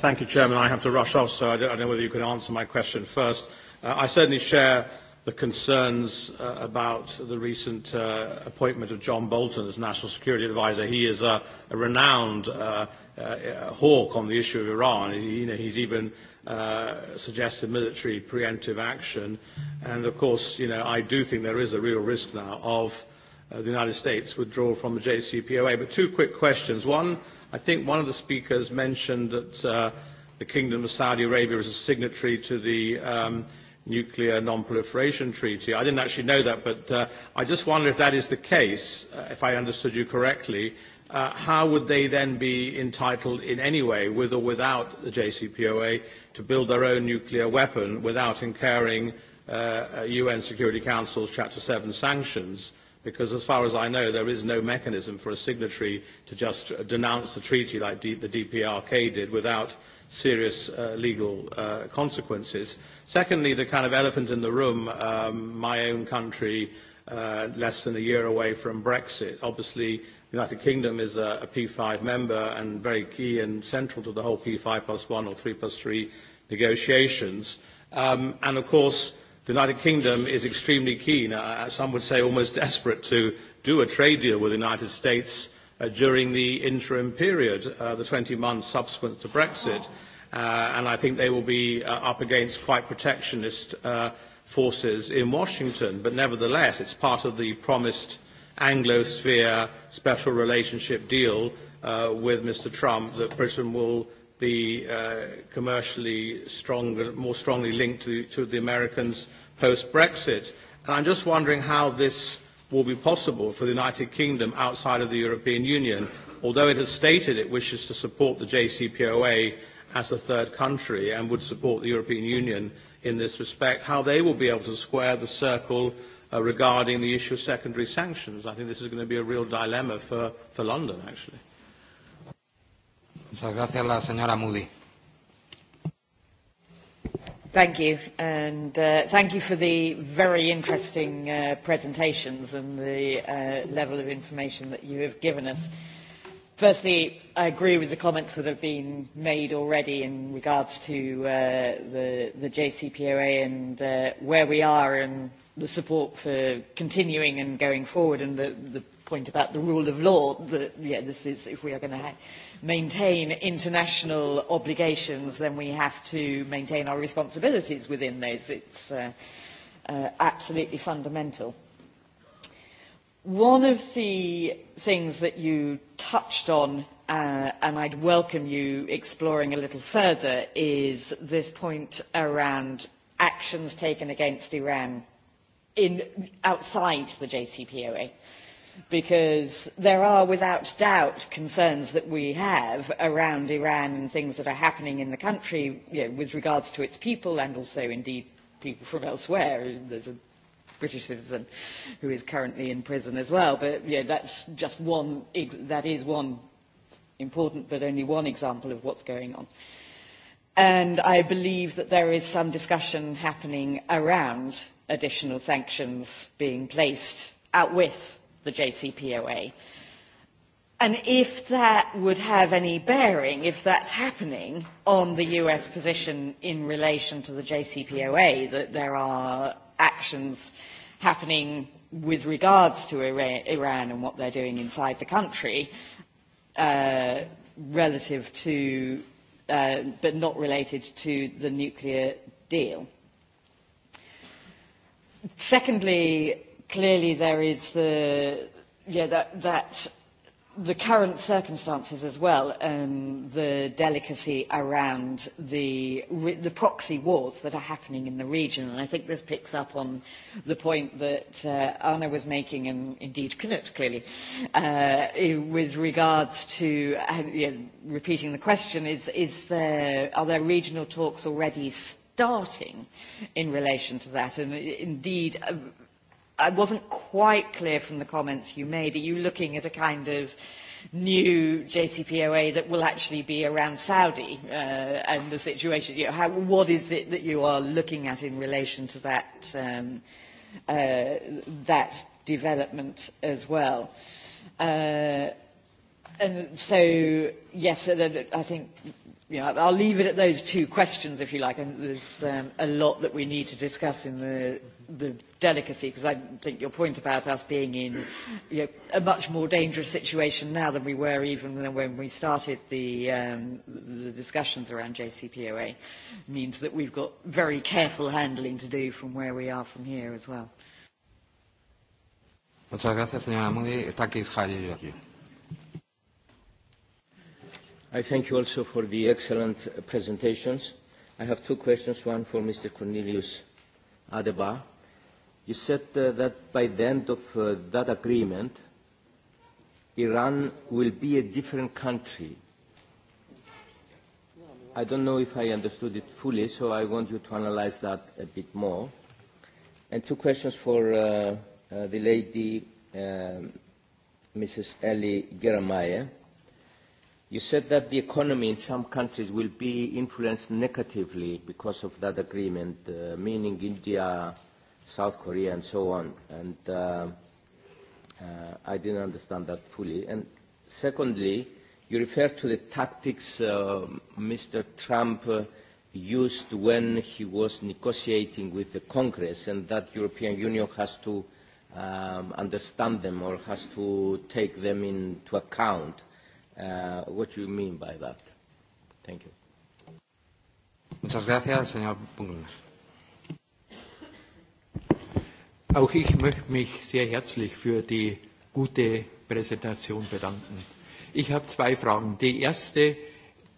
thank you, Chairman. I have to rush off, so I don't, know whether you could answer my question first. I certainly share the concerns uh, about the recent uh, appointment of John Bolton as National Security Advisor. He is a, a renowned uh, uh, hawk on the issue of Iran. He, you know, he's even uh, suggested military preemptive action. And of course, you know, I do think there is a real risk now of uh, the United States withdrawal from the JCPOA. But two quick questions. One, I think one of the speakers mentioned that uh, the Kingdom of Saudi Arabia is a signatory to the um, – Nuclear Non-Proliferation Treaty. I didn't actually know that, but uh, I just wonder if that is the case, uh, if I understood you correctly. Uh, how would they then be entitled in any way, with or without the JCPOA, to build their own nuclear weapon without incurring uh, UN uh, Security Council's Chapter 7 sanctions? Because as far as I know, there is no mechanism for a signatory to just denounce the treaty like D- the DPRK did without serious uh, legal uh, consequences. Secondly, the kind of elephant in the room, um, my own country, uh, less than a year away from Brexit. Obviously, the United Kingdom is a, a P5 member and very key and central to the whole P5 plus one or three plus three negotiations. Um, and of course, the United Kingdom is extremely keen, uh, some would say almost desperate, to do a trade deal with the United States uh, during the interim period, uh, the 20 months subsequent to Brexit. Oh uh, and I think they will be uh, up against quite protectionist uh, forces in Washington. But nevertheless, it's part of the promised Anglo-sphere special relationship deal uh, with Mr. Trump that Britain will be uh, commercially stronger, more strongly linked to, to the Americans post-Brexit. And I'm just wondering how this will be possible for the United Kingdom outside of the European Union. Although it has stated it wishes to support the JCPOA as a third country and would support the European Union in this respect, how they will be able to square the circle uh, regarding the issue of secondary sanctions. I think this is going to be a real dilemma for, for London, actually. Thank you, and uh, thank you for the very interesting uh, presentations and the uh, level of information that you have given us. Firstly, I agree with the comments that have been made already in regards to uh, the, the JCPOA and uh, where we are and the support for continuing and going forward and the, the point about the rule of law that yeah, this is if we are going to ha- maintain international obligations, then we have to maintain our responsibilities within those. It's uh, uh, absolutely fundamental. One of the things that you touched on, uh, and I'd welcome you exploring a little further, is this point around actions taken against Iran in, outside the JCPOA. Because there are, without doubt, concerns that we have around Iran and things that are happening in the country you know, with regards to its people and also, indeed, people from elsewhere. There's a British citizen who is currently in prison as well. But yeah, that's just one, that is one important but only one example of what's going on. And I believe that there is some discussion happening around additional sanctions being placed out with the JCPOA. And if that would have any bearing, if that's happening, on the US position in relation to the JCPOA, that there are actions happening with regards to Iran, Iran and what they're doing inside the country uh, relative to, uh, but not related to the nuclear deal. Secondly, clearly there is the, yeah, that, that the current circumstances as well, and um, the delicacy around the, the proxy wars that are happening in the region. And I think this picks up on the point that uh, Anna was making, and indeed Knut clearly, uh, with regards to uh, you know, repeating the question, is, is there, are there regional talks already starting in relation to that? And uh, indeed, uh, i wasn't quite clear from the comments you made. Are you looking at a kind of new JCPOA that will actually be around Saudi uh, and the situation? You know, how, what is it that you are looking at in relation to that, um, uh, that development as well? Uh, and so, yes, uh, I think you know, I'll leave it at those two questions, if you like. And there's um, a lot that we need to discuss in the, the delicacy because I think your point about us being in you know, a much more dangerous situation now than we were even when we started the, um, the discussions around JCPOA means that we've got very careful handling to do from where we are from here as well. Muchas gracias, señora Moody. I thank you also for the excellent uh, presentations. I have two questions, one for Mr. Cornelius Adebar You said uh, that by the end of uh, that agreement, Iran will be a different country. I don't know if I understood it fully, so I want you to analyze that a bit more. And two questions for uh, uh, the lady, uh, um, Mrs. Ellie Geramaya. You said that the economy in some countries will be influenced negatively because of that agreement, uh, meaning India, South Korea and so on. And uh, uh, I didn't understand that fully. And secondly, you refer to the tactics uh, Mr. Trump uh, used when he was negotiating with the Congress and that European Union has to um, understand them or has to take them into account. Uh, what do you mean by that? Thank you. Muchas gracias, señor Pungles. Auch ich möchte mich sehr herzlich für die gute Präsentation bedanken. Ich habe zwei Fragen. Die erste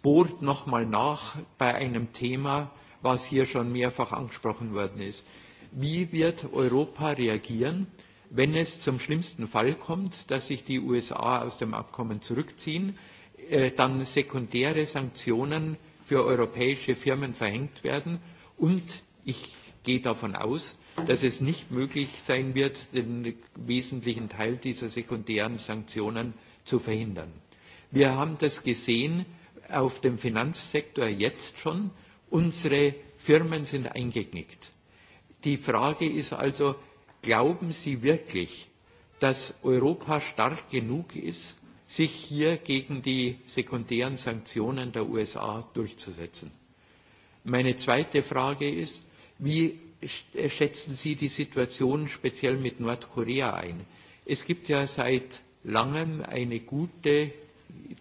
bohrt nochmal nach bei einem Thema, was hier schon mehrfach angesprochen worden ist. Wie wird Europa reagieren, wenn es zum schlimmsten Fall kommt, dass sich die USA aus dem Abkommen zurückziehen, äh, dann sekundäre Sanktionen für europäische Firmen verhängt werden und ich gehe davon aus, dass es nicht möglich sein wird, den wesentlichen Teil dieser sekundären Sanktionen zu verhindern. Wir haben das gesehen auf dem Finanzsektor jetzt schon. Unsere Firmen sind eingeknickt. Die Frage ist also, glauben Sie wirklich, dass Europa stark genug ist, sich hier gegen die sekundären Sanktionen der USA durchzusetzen? Meine zweite Frage ist, wie Äh, schätzen Sie die Situation speziell mit Nordkorea ein? Es gibt ja seit langem eine gute,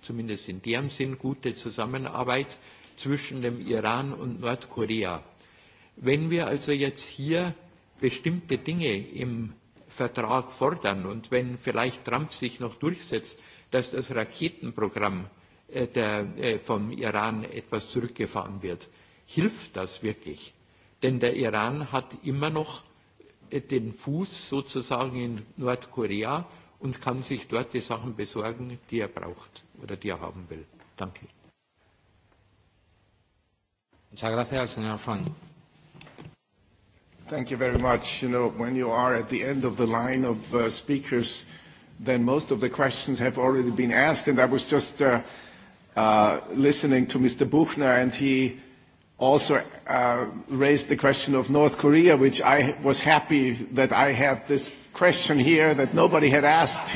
zumindest in dem Sinn gute Zusammenarbeit zwischen dem Iran und Nordkorea. Wenn wir also jetzt hier bestimmte Dinge im Vertrag fordern und wenn vielleicht Trump sich noch durchsetzt, dass das Raketenprogramm äh, der, äh, vom Iran etwas zurückgefahren wird, hilft das wirklich? Denn der Iran hat immer noch äh, den Fuß sozusagen in Nordkorea und kann sich dort die Sachen besorgen, die er braucht oder die er haben will. Danke. Muchas gracias, señor Thank you very much. You know, when you are at the end of the line of uh, speakers, then most of the questions have already been asked. And I was just uh, uh, listening to Mr. Buchner, and he also uh, raised the question of North Korea, which I was happy that I had this question here that nobody had asked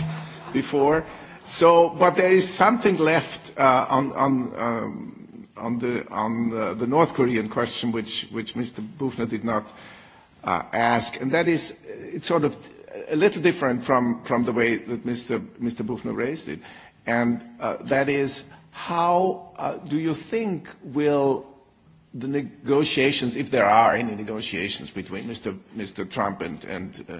before. So, but there is something left uh, on, on, um, on, the, on the, the North Korean question, which, which Mr. Bufner did not uh, ask, and that is it's sort of a little different from, from the way that Mr. Mr. Bufner raised it, and uh, that is how uh, do you think will the negotiations, if there are any negotiations between Mr. Mr. Trump and, and uh,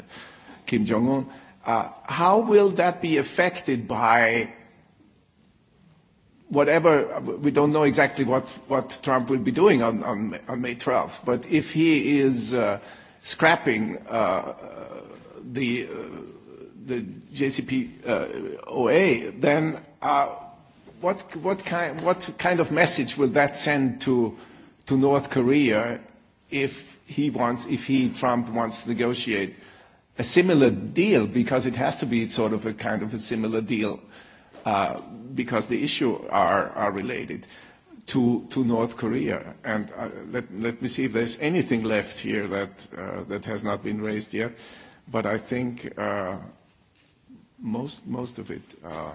Kim Jong-un, uh, how will that be affected by whatever, we don't know exactly what, what Trump will be doing on, on, on May 12th, but if he is uh, scrapping uh, the, uh, the JCPOA, uh, then uh, what, what, kind, what kind of message will that send to to North Korea if he wants, if he, Trump, wants to negotiate a similar deal, because it has to be sort of a kind of a similar deal, uh, because the issue are, are related to, to North Korea. And uh, let, let me see if there's anything left here that, uh, that has not been raised yet, but I think uh, most, most of it. Uh,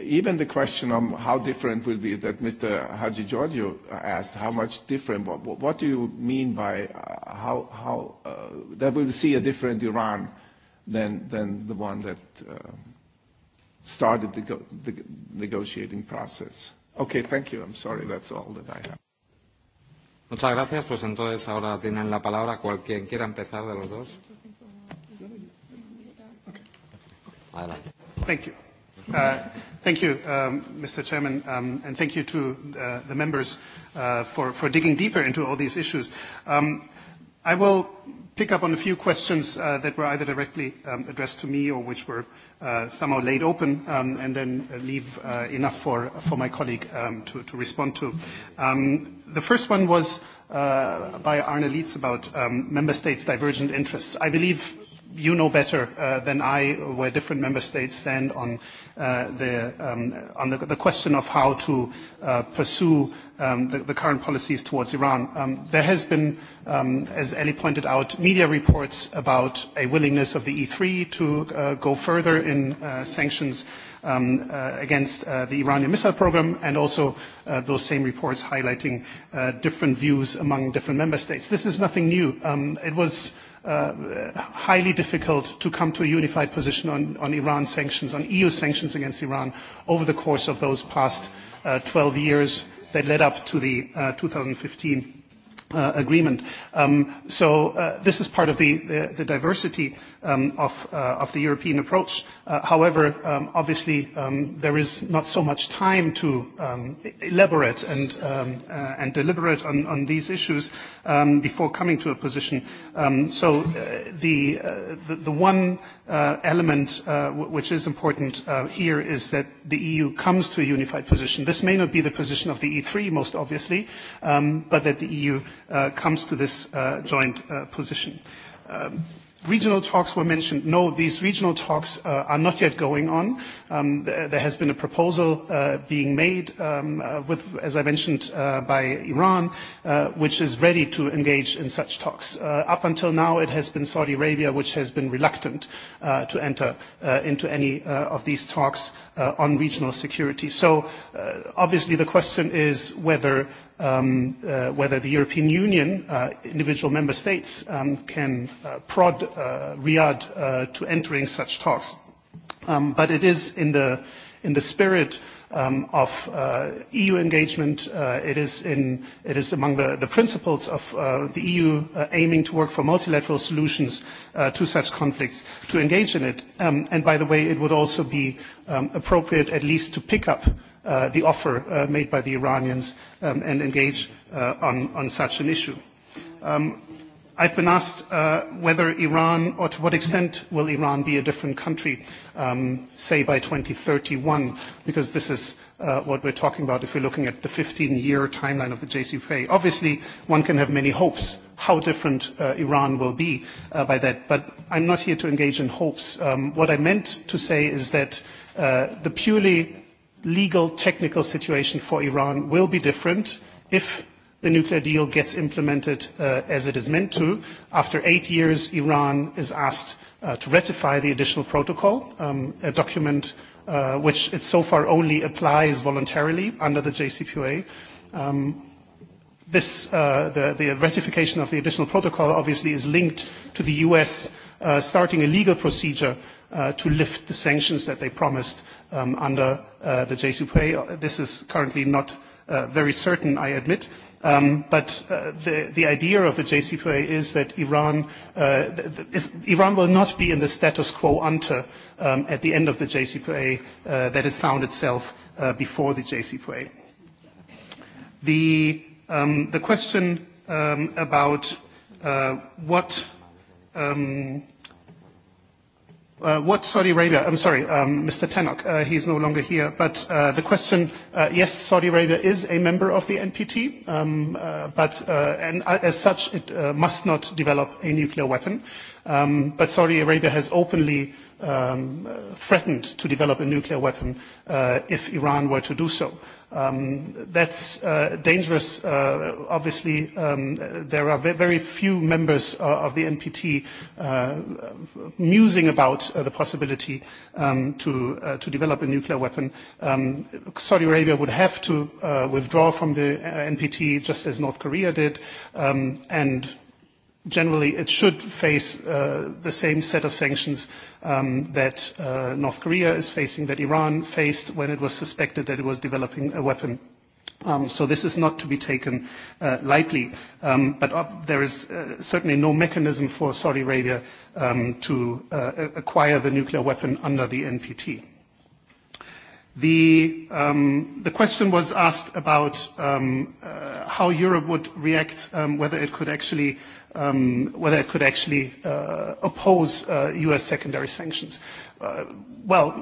even the question on how different will be that Mr. Haji Giorgio asked, how much different, what, what do you mean by uh, how, how uh, that we'll see a different Iran than, than the one that uh, started the, go, the negotiating process? Okay, thank you. I'm sorry, that's all that I have. Muchas gracias. Pues entonces ahora tienen la palabra cualquiera quiera empezar de los dos. Adelante. Thank you. Uh, thank you, um, Mr. Chairman, um, and thank you to uh, the members uh, for, for digging deeper into all these issues. Um, I will pick up on a few questions uh, that were either directly um, addressed to me or which were uh, somehow laid open, um, and then uh, leave uh, enough for, for my colleague um, to, to respond to. Um, the first one was uh, by Arne Leitz about um, member states' divergent interests. I believe you know better uh, than I where different member states stand on, uh, the, um, on the, the question of how to uh, pursue um, the, the current policies towards Iran. Um, there has been, um, as Ellie pointed out, media reports about a willingness of the E3 to uh, go further in uh, sanctions um, uh, against uh, the Iranian missile program, and also uh, those same reports highlighting uh, different views among different member states. This is nothing new. Um, it was uh, highly difficult to come to a unified position on, on Iran sanctions, on EU sanctions against Iran over the course of those past uh, 12 years that led up to the uh, 2015 uh, agreement. Um, so uh, this is part of the, the, the diversity um, of, uh, of the European approach. Uh, however, um, obviously, um, there is not so much time to um, elaborate and, um, uh, and deliberate on, on these issues um, before coming to a position. Um, so uh, the, uh, the, the one uh, element uh, which is important uh, here is that the EU comes to a unified position. This may not be the position of the E3, most obviously, um, but that the EU uh, comes to this uh, joint uh, position. Um, Regional talks were mentioned. No, these regional talks uh, are not yet going on. Um, th there has been a proposal uh, being made, um, uh, with, as I mentioned, uh, by Iran, uh, which is ready to engage in such talks. Uh, up until now, it has been Saudi Arabia which has been reluctant uh, to enter uh, into any uh, of these talks uh, on regional security. So uh, obviously the question is whether, um, uh, whether the European Union, uh, individual member states, um, can uh, prod uh, Riyadh uh, to entering such talks. Um, but it is in the, in the spirit Um, of uh, EU engagement. Uh, it, is in, it is among the, the principles of uh, the EU aiming to work for multilateral solutions to such conflicts, to engage in it. Um, and by the way, it would also be um, appropriate at least to pick up the offer made by the Iranians and engage on, such an issue. I've been asked uh, whether Iran, or to what extent will Iran be a different country, um, say by 2031, because this is uh, what we're talking about if we're looking at the 15-year timeline of the JCPOA. Obviously, one can have many hopes how different uh, Iran will be uh, by that, but I'm not here to engage in hopes. Um, what I meant to say is that uh, the purely legal technical situation for Iran will be different if the nuclear deal gets implemented uh, as it is meant to. After eight years, Iran is asked uh, to ratify the additional protocol, um, a document uh, which it so far only applies voluntarily under the JCPOA. Um, this, uh, the, the ratification of the additional protocol obviously is linked to the U.S. Uh, starting a legal procedure uh, to lift the sanctions that they promised um, under uh, the JCPOA. This is currently not uh, very certain, I admit. Um, but uh, the, the idea of the JCPOA is that Iran, uh, is, Iran will not be in the status quo ante um, at the end of the JCPOA uh, that it found itself uh, before the JCPOA. The, um, the question um, about uh, what um, Uh, what Saudi Arabia? I'm sorry, um, Mr. Tannock, uh, he's no longer here. But uh, the question, uh, yes, Saudi Arabia is a member of the NPT, um, uh, but uh, and uh, as such, it uh, must not develop a nuclear weapon. Um, but Saudi Arabia has openly um, uh, threatened to develop a nuclear weapon uh, if Iran were to do so. Um, that's uh, dangerous. Uh, obviously, um, there are very few members uh, of the NPT uh, musing about uh, the possibility um, to, uh, to develop a nuclear weapon. Um, Saudi Arabia would have to uh, withdraw from the uh, NPT just as North Korea did, um, and generally it should face uh, the same set of sanctions um, that uh, North Korea is facing, that Iran faced when it was suspected that it was developing a weapon. Um, so this is not to be taken uh, lightly. Um, but uh, there is uh, certainly no mechanism for Saudi Arabia um, to uh, acquire the nuclear weapon under the NPT. The, um, the question was asked about um, uh, how Europe would react, um, whether it could actually um, whether it could actually uh, oppose uh, U.S. secondary sanctions uh, well,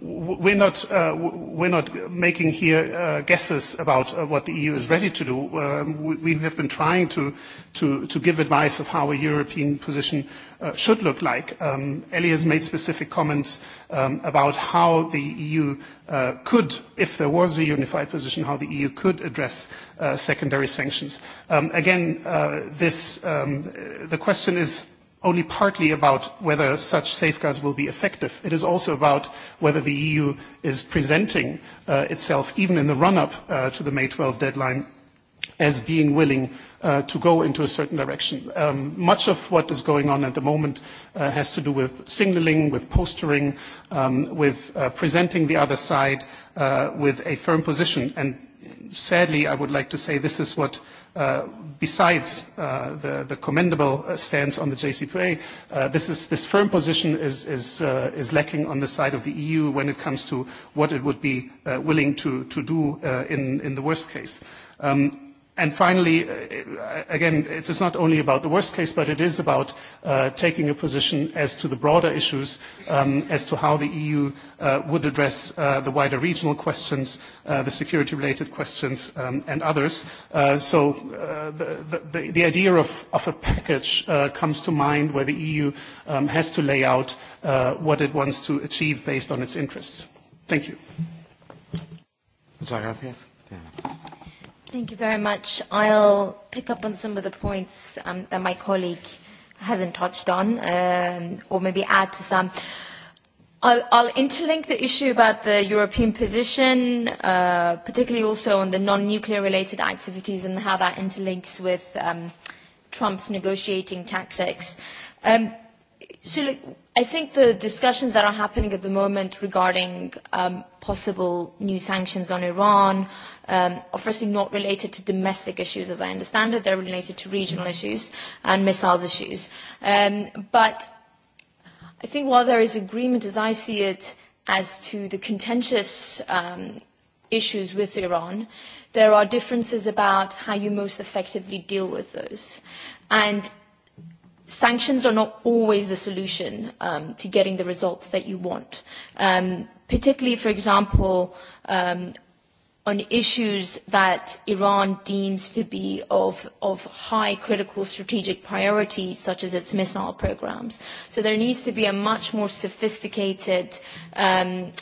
we're not, uh, we're not making here uh, guesses about uh, what the EU is ready to do. Um, we, we have been trying to, to, to give advice of how a European position uh, should look like. Um, has made specific comments um, about how the EU uh, could, if there was a unified position, how the EU could address uh, secondary sanctions. Um, again, uh, this, um, the question is, only partly about whether such safeguards will be effective. It is also about whether the EU is presenting uh, itself, even in the run-up uh, to the May 12 deadline, as being willing uh, to go into a certain direction. Um, much of what is going on at the moment uh, has to do with signaling, with postering, um, with uh, presenting the other side uh, with a firm position. And sadly, I would like to say this is what uh, besides uh, the, the commendable uh, stance on the JCPOA, uh, this, is, this firm position is, is, uh, is lacking on the side of the EU when it comes to what it would be uh, willing to, to do uh, in, in the worst case. Um, And finally, uh, again, it is not only about the worst case, but it is about uh, taking a position as to the broader issues, um, as to how the EU uh, would address uh, the wider regional questions, uh the security-related questions, um, and others. Uh, so uh, the, the, the, idea of, of a package uh comes to mind where the EU um, has to lay out uh what it wants to achieve based on its interests. Thank you. Thank you very much. I'll pick up on some of the points um, that my colleague hasn't touched on, um, or maybe add to some. I'll, I'll interlink the issue about the European position, uh, particularly also on the non-nuclear related activities and how that interlinks with um, Trump's negotiating tactics. Um, so look, i think the discussions that are happening at the moment regarding um, possible new sanctions on Iran um, are firstly not related to domestic issues, as I understand it. They're related to regional issues and missiles issues. Um, but I think while there is agreement, as I see it, as to the contentious um, issues with Iran, there are differences about how you most effectively deal with those. And sanctions are not always the solution um, to getting the results that you want, um, particularly, for example, um, on issues that Iran deems to be of, of high critical strategic priority, such as its missile programs. So there needs to be a much more sophisticated um,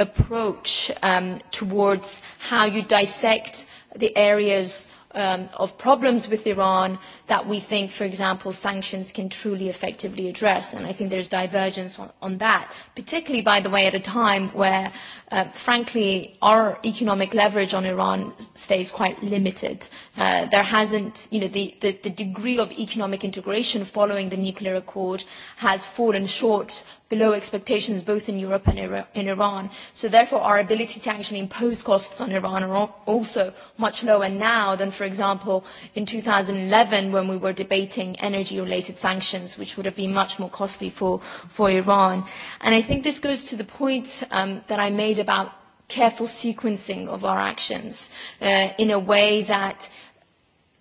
approach um, towards how you dissect the areas – um, of problems with Iran that we think, for example, sanctions can truly effectively address. And I think there's divergence on, on that, particularly, by the way, at a time where, uh, frankly, our economic leverage on Iran stays quite limited. Uh, there hasn't, you know, the, the, the degree of economic integration following the nuclear accord has fallen short below expectations both in Europe and in Iran. So therefore, our ability to actually impose costs on Iran are also much lower now than, for example, in 2011 when we were debating energy-related sanctions, which would have been much more costly for, for Iran. And I think this goes to the point um, that I made about careful sequencing of our actions uh, in a way that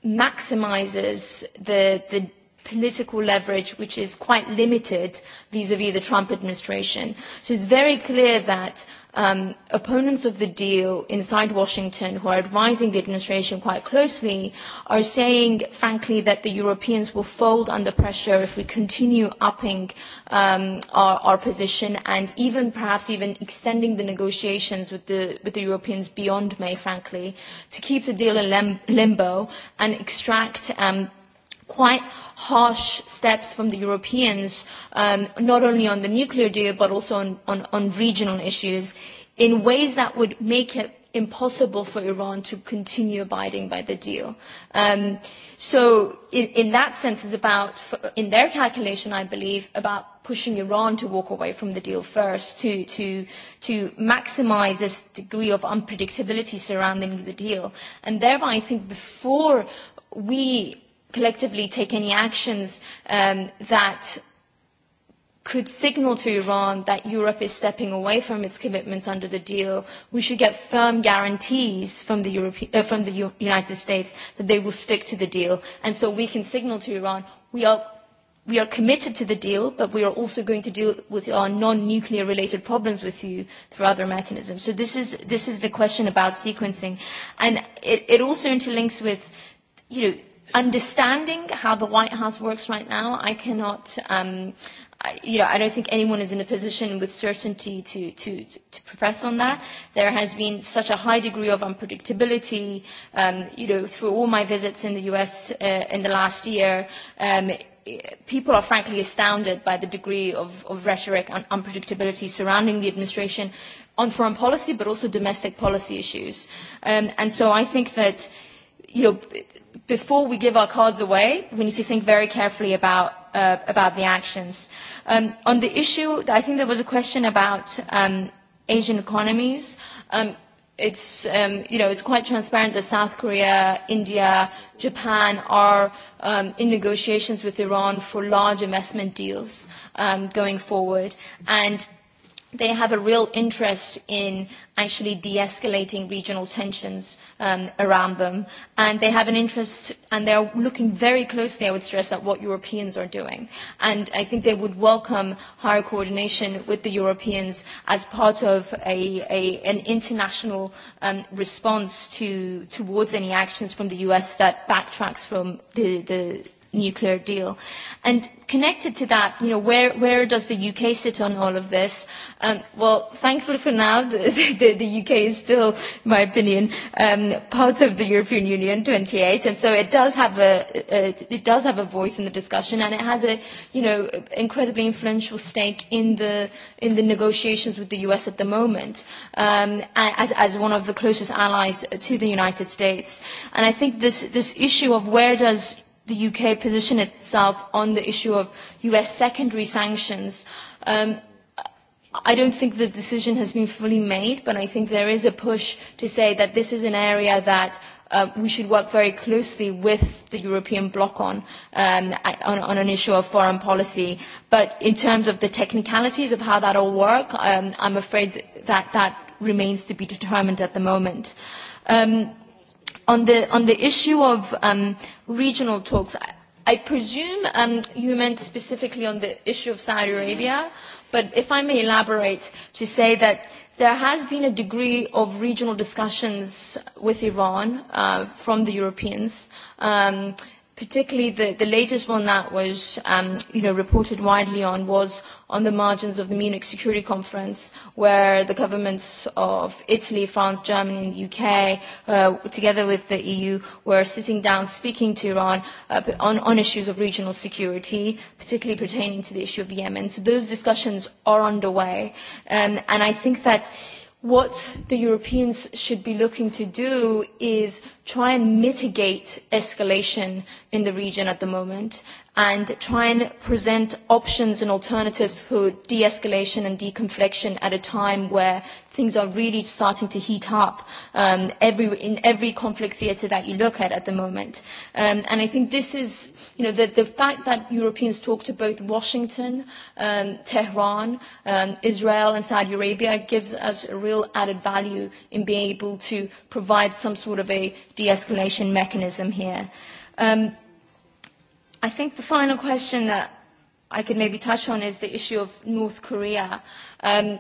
maximizes the, the political leverage which is quite limited vis-à-vis -vis the Trump administration. So it's very clear that um, opponents of the deal inside Washington who are advising the administration quite closely are saying, frankly, that the Europeans will fold under pressure if we continue upping um, our, our position and even perhaps even extending the negotiations with the, with the Europeans beyond May, frankly, to keep the deal in lim limbo and extract um, quite harsh steps from the Europeans, um, not only on the nuclear deal but also on, on, on regional issues, in ways that would make it impossible for Iran to continue abiding by the deal. Um, so in, in that sense, it's about, in their calculation, I believe, about pushing Iran to walk away from the deal first to, to, to maximize this degree of unpredictability surrounding the deal. And thereby, I think before we collectively take any actions um, that could signal to Iran that Europe is stepping away from its commitments under the deal, we should get firm guarantees from the, Europe, uh, from the U United States that they will stick to the deal. And so we can signal to Iran, we are, we are committed to the deal, but we are also going to deal with our non-nuclear related problems with you through other mechanisms. So this is, this is the question about sequencing. And it, it also interlinks with, you know, understanding how the White House works right now, I cannot. Um, I, you know, I don't think anyone is in a position with certainty to, to, to profess on that. There has been such a high degree of unpredictability, um, you know, through all my visits in the U.S. Uh, in the last year. Um, people are frankly astounded by the degree of, of rhetoric and unpredictability surrounding the administration on foreign policy, but also domestic policy issues. Um, and so I think that you know, before we give our cards away, we need to think very carefully about uh, about the actions. Um, on the issue, I think there was a question about um, Asian economies. Um, it's um, you know it's quite transparent that South Korea, India, Japan are um, in negotiations with Iran for large investment deals um, going forward, and they have a real interest in actually de-escalating regional tensions um, around them. And they have an interest, and they are looking very closely, I would stress, at what Europeans are doing. And I think they would welcome higher coordination with the Europeans as part of a, a, an international um, response to, towards any actions from the US that backtracks from the, the nuclear deal. And connected to that, you know, where, where does the UK sit on all of this? Um, well, thankfully for now, the, the, the UK is still, in my opinion, um, part of the European Union, 28, and so it does have a, a it does have a voice in the discussion, and it has a, you know, incredibly influential stake in the in the negotiations with the US at the moment, um, as as one of the closest allies to the United States. And I think this this issue of where does the UK position itself on the issue of US secondary sanctions. Um, I don't think the decision has been fully made, but I think there is a push to say that this is an area that uh, we should work very closely with the European bloc on, um, on, on an issue of foreign policy. But in terms of the technicalities of how that all works, um, I'm afraid that that remains to be determined at the moment. Um, on the on the issue of um, regional talks, I, I presume um, you meant specifically on the issue of Saudi Arabia, but if I may elaborate to say that there has been a degree of regional discussions with Iran uh, from the Europeans. Um, particularly the, the latest one that was um, you know, reported widely on was on the margins of the Munich Security Conference, where the governments of Italy, France, Germany, and the UK, uh, together with the EU, were sitting down speaking to Iran uh, on, on issues of regional security, particularly pertaining to the issue of Yemen. So those discussions are underway, um, and I think that what the Europeans should be looking to do is try and mitigate escalation in the region at the moment and try and present options and alternatives for de-escalation and deconfliction at a time where things are really starting to heat up um, every, in every conflict theatre that you look at at the moment. Um, and I think this is, you know, the, the fact that Europeans talk to both Washington, um, Tehran, um, Israel and Saudi Arabia gives us a real added value in being able to provide some sort of a de-escalation mechanism here. Um, i think the final question that I could maybe touch on is the issue of North Korea. Um,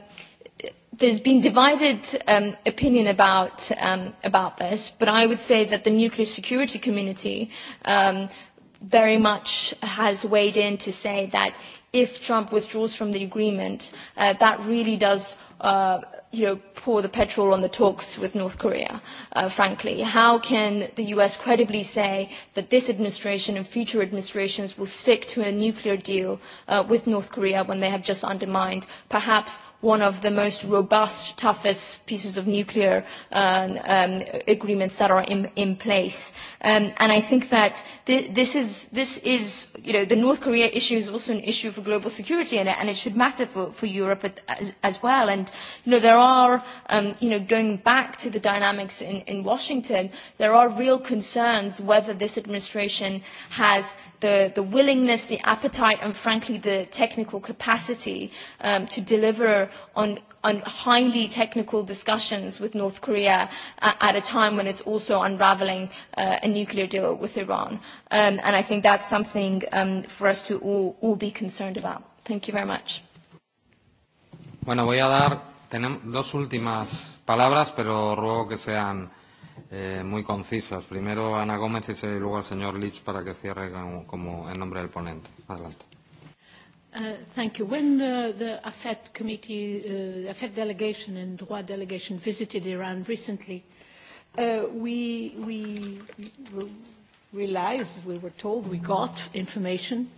there's been divided um, opinion about, um, about this, but I would say that the nuclear security community um, very much has weighed in to say that if Trump withdraws from the agreement, uh, that really does uh, you know, pour the petrol on the talks with North Korea, uh, frankly. How can the U.S. credibly say that this administration and future administrations will stick to a nuclear deal uh, with North Korea when they have just undermined perhaps one of the most robust, toughest pieces of nuclear um, um, agreements that are in, in place. Um, and I think that th- this is, this is, you know, the North Korea issue is also an issue for global security, and, and it should matter for, for Europe as, as well. And, you know, there are, um, you know, going back to the dynamics in, in Washington, there are real concerns whether this administration has the, the willingness, the appetite, and frankly, the technical capacity um, to deliver on, on highly technical discussions with North Korea at, at a time when it's also unraveling uh, a nuclear deal with Iran. Um, and I think that's something um, for us to all, all be concerned about. Thank you very much. Bueno, voy a dar tenemos dos últimas palabras, pero ruego que sean eh, muy concisas. Primero Ana Gómez y luego al señor Lich para que cierre como, como en nombre del ponente. Adelante. Uh, thank you. When uh, the AFET committee, uh, the AFET delegation and Droit delegation visited Iran recently, uh, we, we realized, we were told, we got information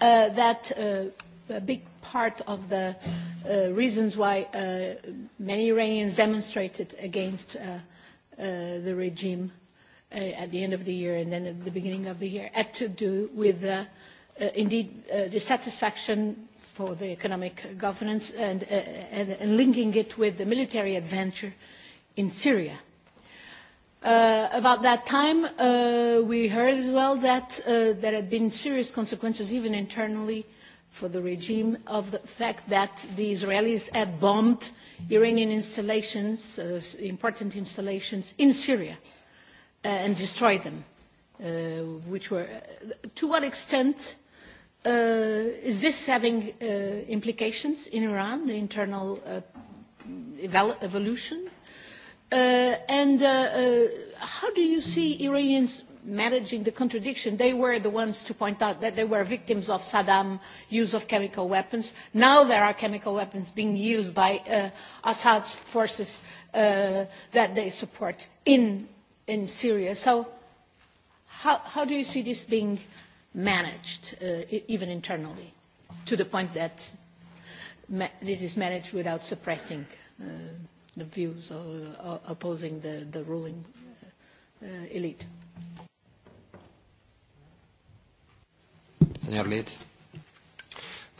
uh, that uh, a big part of the uh, reasons why uh, many Iranians demonstrated against uh, uh, the regime uh, at the end of the year and then at the beginning of the year had to do with uh, uh, indeed uh, dissatisfaction for the economic governance and, uh, and, and linking it with the military adventure in Syria. Uh, about that time, uh, we heard as well that uh, there had been serious consequences, even internally, for the regime of the fact that the Israelis had bombed Iranian installations, uh, important installations in Syria, uh, and destroyed them, uh, which were... Uh, to what extent uh, is this having uh, implications in Iran, the internal uh, evol evolution? Uh, and uh, uh, how do you see Iranians managing the contradiction, they were the ones to point out that they were victims of Saddam's use of chemical weapons. Now there are chemical weapons being used by uh, Assad's forces uh, that they support in, in Syria. So how, how do you see this being managed, uh, e, even internally, to the point that it is managed without suppressing uh, the views or, or uh, opposing the, the ruling uh, elite? Thank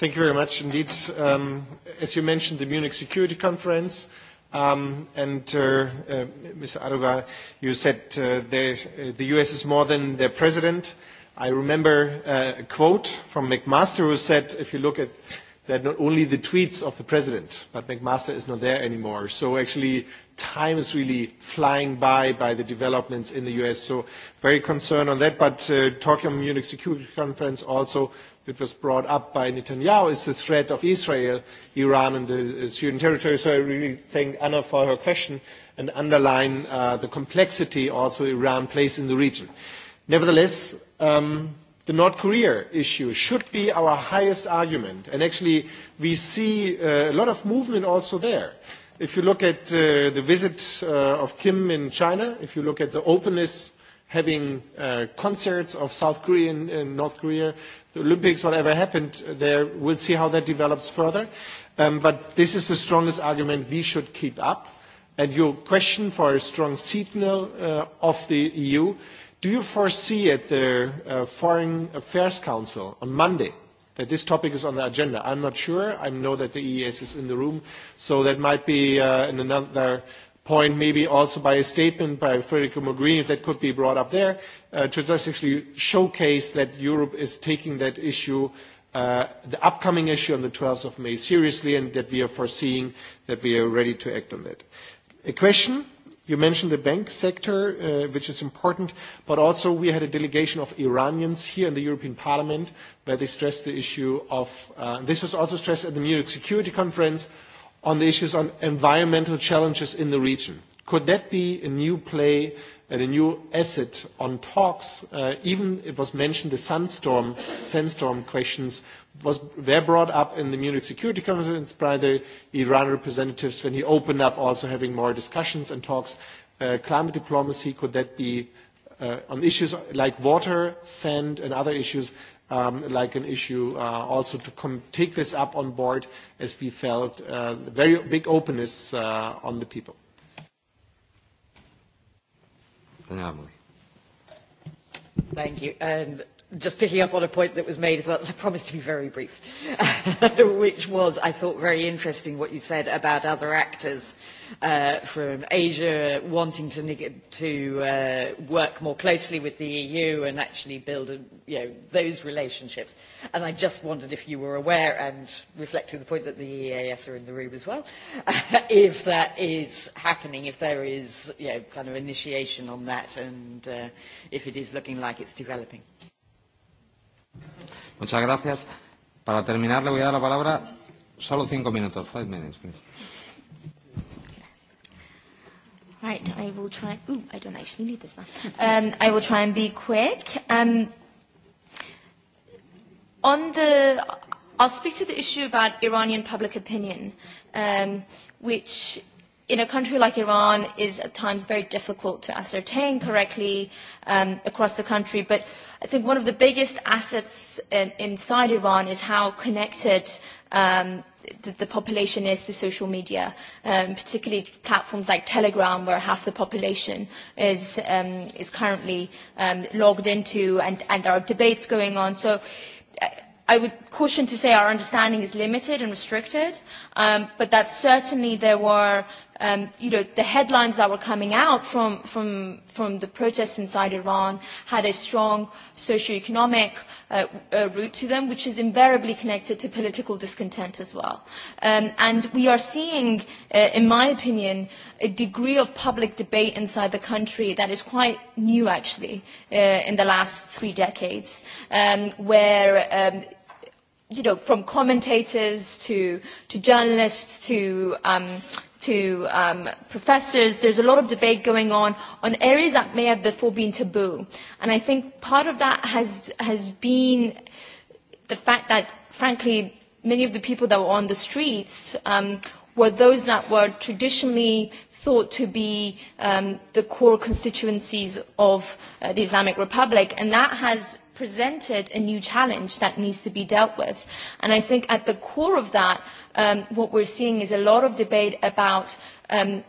you very much indeed. Um, as you mentioned, the Munich Security Conference, Um, and uh, uh, Mr. Aruga, you said uh, the, uh, the U.S. is more than their president. I remember uh, a quote from McMaster who said, if you look at that not only the tweets of the president, but McMaster is not there anymore. So actually, time is really flying by by the developments in the U.S. So very concerned on that. But uh, talking on Munich Security Conference also, that was brought up by Netanyahu, is the threat of Israel, Iran, and the uh, Syrian territory. So I really thank Anna for her question and underline uh, the complexity also Iran plays in the region. Nevertheless, um, the North Korea issue should be our highest argument. And actually, we see uh, a lot of movement also there. If you look at uh, the visit uh, of Kim in China, if you look at the openness having uh, concerts of South Korea and, and North Korea, the Olympics, whatever happened there, we'll see how that develops further. Um, but this is the strongest argument we should keep up. And your question for a strong signal uh, of the EU, do you foresee at the uh, Foreign Affairs Council on Monday that this topic is on the agenda? I'm not sure. I know that the EES is in the room, so that might be uh, in another point, maybe also by a statement by Federico Mogherini, if that could be brought up there, uh, to just actually showcase that Europe is taking that issue, uh, the upcoming issue on the 12th of May seriously, and that we are foreseeing that we are ready to act on that. A question You mentioned the bank sector, uh, which is important, but also we had a delegation of Iranians here in the European Parliament where they stressed the issue of, uh, this was also stressed at the Munich Security Conference, on the issues on environmental challenges in the region. Could that be a new play and a new asset on talks? Uh, even it was mentioned the sandstorm, sandstorm questions was, were brought up in the Munich Security Conference by the Iran representatives when he opened up also having more discussions and talks. Uh, climate diplomacy, could that be uh, on issues like water, sand and other issues um, like an issue uh, also to come take this up on board as we felt uh, very big openness uh, on the people. Thank you. Um, just picking up on a point that was made as well, I promise to be very brief, which was, I thought, very interesting what you said about other actors uh, from Asia wanting to, to uh, work more closely with the EU and actually build a, you know, those relationships. And I just wondered if you were aware, and reflecting the point that the EAS are in the room as well, if that is happening, if there is you know, kind of initiation on that, and uh, if it is looking like it's developing. Muchas gracias. Para terminar, le voy a dar la palabra solo cinco minutos. Five minutes, please. Right, I will try. Ooh, I don't actually need this now. Um, I will try and be quick. Um, on the, I'll speak to the issue about Iranian public opinion, um, which in a country like Iran is at times very difficult to ascertain correctly um, across the country. But I think one of the biggest assets in, inside Iran is how connected um, the, the population is to social media, um, particularly platforms like Telegram, where half the population is, um, is currently um, logged into, and, and there are debates going on. So. Uh, i would caution to say our understanding is limited and restricted, um, but that certainly there were um, you know, the headlines that were coming out from, from, from the protests inside Iran had a strong socioeconomic uh, uh, root to them, which is invariably connected to political discontent as well. Um, and we are seeing, uh, in my opinion, a degree of public debate inside the country that is quite new, actually, uh, in the last three decades, um, where um, you know, from commentators to, to journalists to um, to um, professors. There's a lot of debate going on on areas that may have before been taboo. And I think part of that has, has been the fact that, frankly, many of the people that were on the streets um, were those that were traditionally thought to be um, the core constituencies of uh, the Islamic Republic. And that has presented a new challenge that needs to be dealt with. And I think at the core of that um, what we're seeing is a lot of debate about um,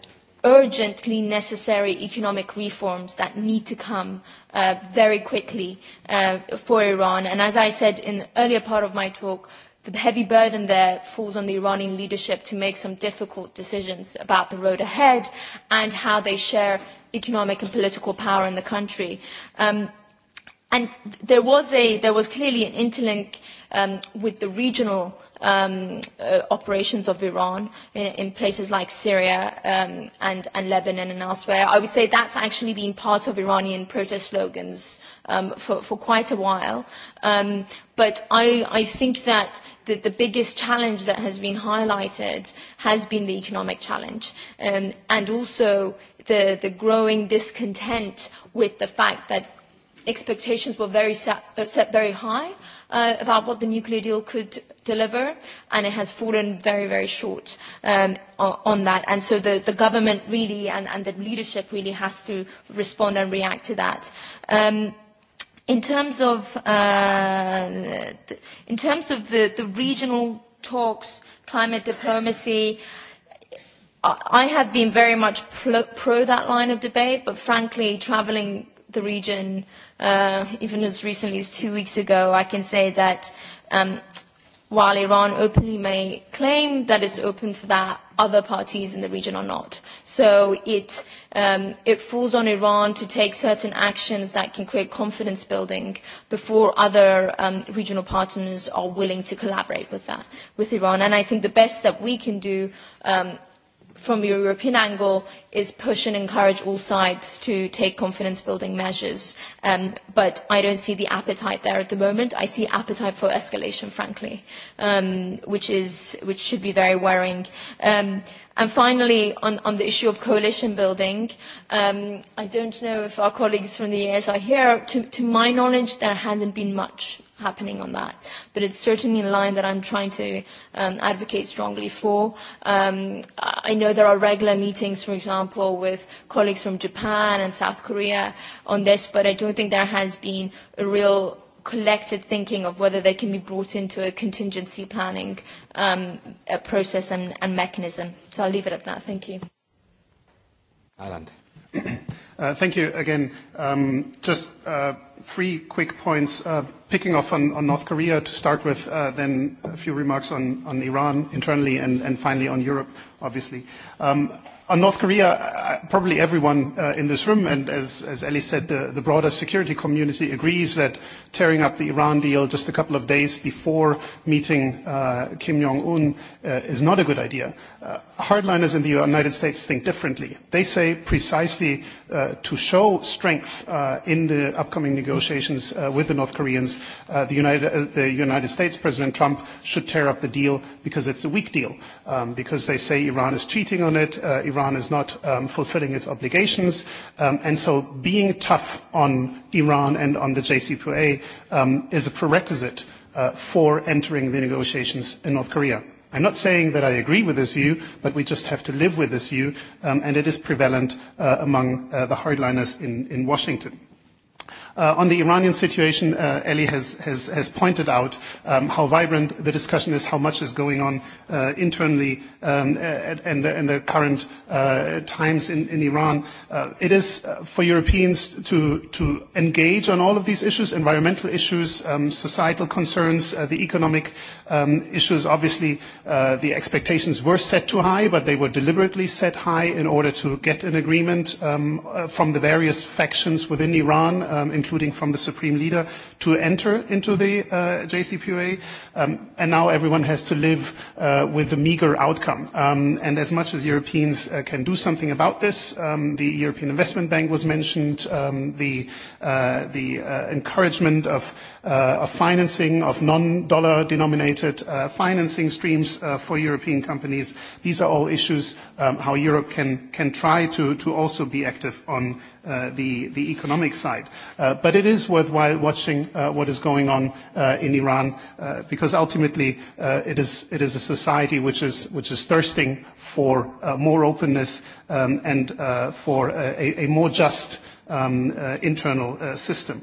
urgently necessary economic reforms that need to come uh, very quickly uh, for Iran. And as I said in the earlier part of my talk, the heavy burden there falls on the Iranian leadership to make some difficult decisions about the road ahead and how they share economic and political power in the country. Um, and there was, a, there was clearly an interlink um, with the regional um, uh, operations of Iran in, in places like Syria um, and, and Lebanon and elsewhere. I would say that's actually been part of Iranian protest slogans um, for, for quite a while. Um, but I, I think that the, the biggest challenge that has been highlighted has been the economic challenge um, and also the, the growing discontent with the fact that expectations were very set, uh, set very high uh, about what the nuclear deal could deliver, and it has fallen very, very short um, on, on that. And so the, the government really and, and the leadership really has to respond and react to that. Um, in terms of, uh, in terms of the, the regional talks, climate diplomacy, I have been very much pro, pro that line of debate, but frankly, traveling the region, uh, even as recently as two weeks ago, I can say that um, while Iran openly may claim that it's open for that, other parties in the region are not. So it, um, it falls on Iran to take certain actions that can create confidence building before other um, regional partners are willing to collaborate with that, with Iran. And I think the best that we can do um, from a European angle is push and encourage all sides to take confidence building measures. Um, but I don't see the appetite there at the moment. I see appetite for escalation, frankly, um, which, is, which should be very worrying. Um, And finally, on, on the issue of coalition building, um, I don't know if our colleagues from the ES are here. To, to my knowledge, there hasn't been much happening on that, but it's certainly a line that I'm trying to um, advocate strongly for. Um, I know there are regular meetings, for example, with colleagues from Japan and South Korea on this, but I don't think there has been a real collected thinking of whether they can be brought into a contingency planning um, a process and, and mechanism. So I'll leave it at that. Thank you. Ireland. Uh, thank you again. Um, just uh, three quick points, uh, picking off on, on North Korea to start with, uh, then a few remarks on, on Iran internally, and, and finally on Europe, obviously. Um, on uh, North Korea, uh, uh, probably everyone uh, in this room, and as, as Ellie said, the, the broader security community agrees that tearing up the Iran deal just a couple of days before meeting uh, Kim Jong-un uh, is not a good idea. Uh, hardliners in the United States think differently. They say precisely uh, to show strength uh, in the upcoming negotiations uh, with the North Koreans, uh, the, United, uh, the United States President Trump should tear up the deal because it's a weak deal, um, because they say Iran is cheating on it, uh, Iran is not um, fulfilling its obligations, um, and so being tough on Iran and on the JCPOA um, is a prerequisite uh, for entering the negotiations in North Korea. I'm not saying that I agree with this view, but we just have to live with this view, um, and it is prevalent uh, among uh, the hardliners in, in Washington. Uh, on the Iranian situation, uh, Eli has, has, has pointed out um, how vibrant the discussion is, how much is going on uh, internally um, and, the current times in, Iran. it is for Europeans to, engage on all of these issues, environmental issues, um, societal concerns, the economic issues. Obviously, the expectations were set too high, but they were deliberately set high in order to get an agreement from the various factions within Iran, including from the Supreme Leader, to enter into the uh, JCPOA. Um, and now everyone has to live uh, with a meager outcome. Um, and as much as Europeans uh, can do something about this, um, the European Investment Bank was mentioned, um, the, uh, the uh, encouragement of of uh, financing, of non-dollar denominated uh, financing streams uh, for European companies. These are all issues um, how Europe can, can try to, to also be active on the, the economic side. but it is worthwhile watching what is going on in Iran, because ultimately, it is, a society which is, which is thirsting for more openness um, and for a, a more just um, internal system.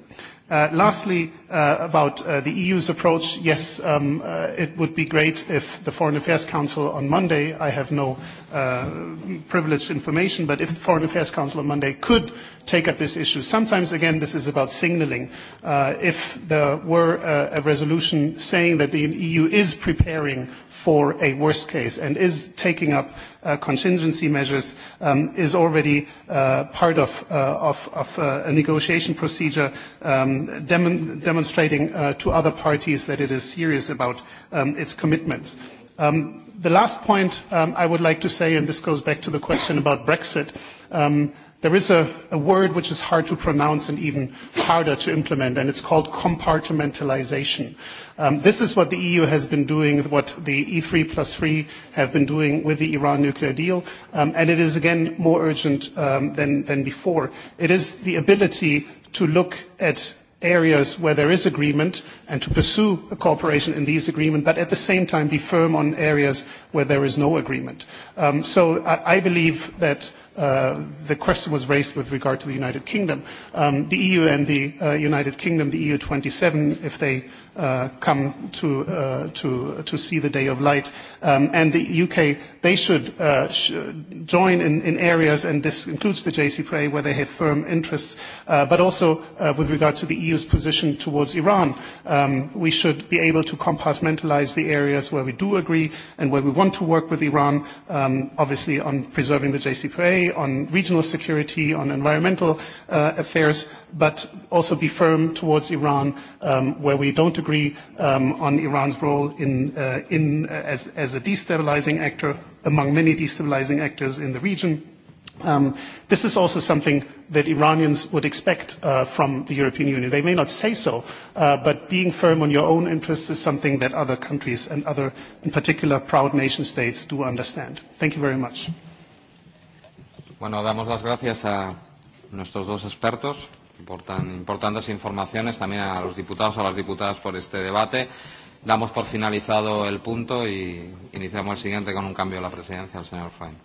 Uh, lastly, uh, about uh, the EU's approach, yes, um, uh, it would be great if the Foreign Affairs Council on Monday, I have no uh, privileged information, but if the Foreign Affairs Council on Monday could take up this issue. Sometimes, again, this is about signaling. Uh, if there were a, a resolution saying that the EU is preparing for a worst case and is taking up uh, contingency measures, um, is already uh, part of, uh, of, of uh, a negotiation procedure um, dem- demonstrating uh, to other parties that it is serious about um, its commitments. Uh, Um, the last point um, I would like to say, and this goes back to the question about Brexit, um, there is a, word which is hard to pronounce and even harder to implement, and it's called compartmentalization. Um, this is what the EU has been doing, what the e 33 plus have been doing with the Iran nuclear deal, and it is again more urgent um, than, than before. It is the ability to look at areas where there is agreement and to pursue a cooperation in these agreements, but at the same time be firm on areas where there is no agreement. Um, so I, I believe that uh, the question was raised with regard to the United Kingdom. Um, the EU and the uh, United Kingdom, the EU 27, if they uh, come to, uh, to, to see the day of light. Um, and the UK, they should uh, sh- join in, in areas, and this includes the JCPOA, where they have firm interests, uh, but also uh, with regard to the EU's position towards Iran. Um, we should be able to compartmentalize the areas where we do agree and where we want to work with Iran, um, obviously on preserving the JCPOA, on regional security, on environmental uh, affairs, but also be firm towards Iran um, where we don't agree um, on Iran's role in, uh, in, uh, as, as a destabilizing actor among many destabilizing actors in the region. Um, this is also something that Iranians would expect uh, from the European Union. They may not say so, uh, but being firm on your own interests is something that other countries and other, in particular, proud nation states do understand. Thank you very much. Bueno, damos las gracias a nuestros dos expertos por tan importantes informaciones, también a los diputados, a las diputadas por este debate. Damos por finalizado el punto y iniciamos el siguiente con un cambio de la presidencia, el señor Frain.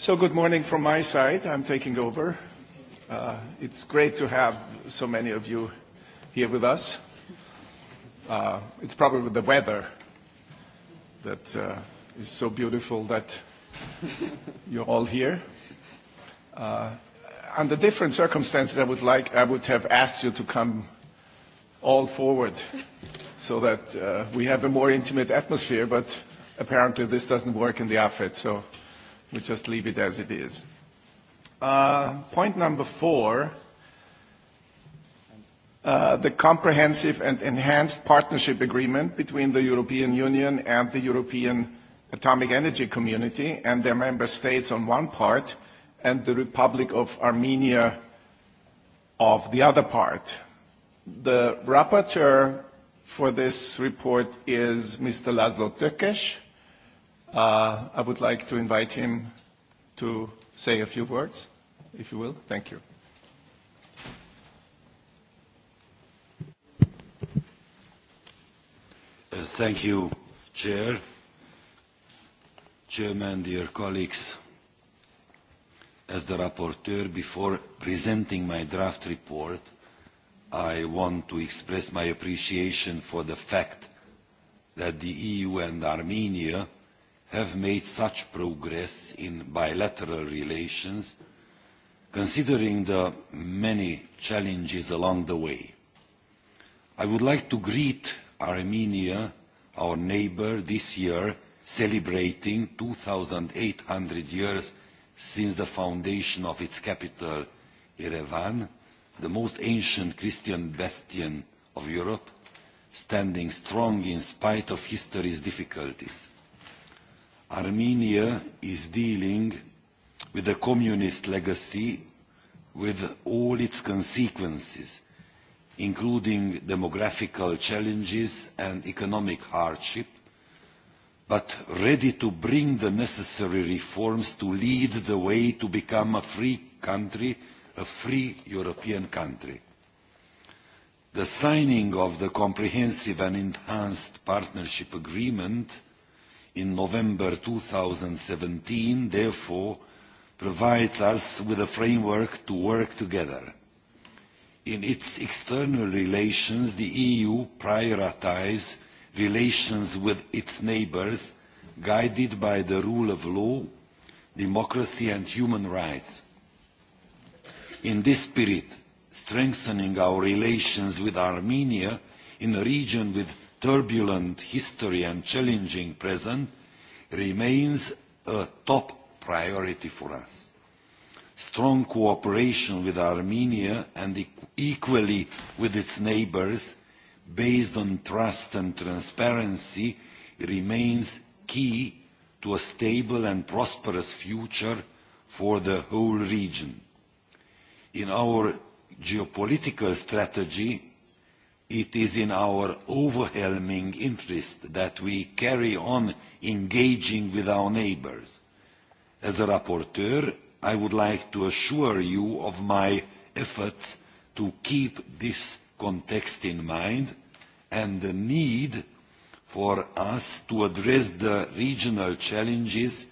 So good morning from my side. I'm taking over. Uh, it's great to have so many of you here with us. Uh, it's probably the weather that uh, is so beautiful that you're all here. Uh, under different circumstances, I would like, I would have asked you to come all forward so that uh, we have a more intimate atmosphere, but apparently this doesn't work in the AFET, so We just leave it as it is. Uh, point number four, uh, the comprehensive and enhanced partnership agreement between the European Union and the European Atomic Energy Community and their member states on one part, and the Republic of Armenia of the other part. The rapporteur for this report is Mr. Laszlo Tökes. Uh, I would like to invite him to say a few words, if you will. Thank you. Uh, thank you, Chair. Chairman, dear colleagues, as the rapporteur, before presenting my draft report, I want to express my appreciation for the fact that the EU and Armenia – have made such progress in bilateral relations, considering the many challenges along the way. I would like to greet Armenia, our neighbour, this year, celebrating two eight hundred years since the foundation of its capital, Yerevan, the most ancient Christian bastion of Europe, standing strong in spite of history's difficulties. Armenia is dealing with a communist legacy with all its consequences, including demographical challenges and economic hardship, but ready to bring the necessary reforms to lead the way to become a free country, a free European country. The signing of the Comprehensive and Enhanced Partnership Agreement in November seventeen therefore provides us with a framework to work together. In its external relations, the EU prioritises relations with its neighbours, guided by the rule of law, democracy and human rights. In this spirit, strengthening our relations with Armenia in a region with turbulent history and challenging present remains a top priority for us. Strong cooperation with Armenia and equally with its neighbours, based on trust and transparency remains key to a stable and prosperous future for the whole region. In our geopolitical strategy, it is in our overwhelming interest that we carry on engaging with our neighbours. As a rapporteur, I would like to assure you of my efforts to keep this context in mind and the need for us to address the regional challenges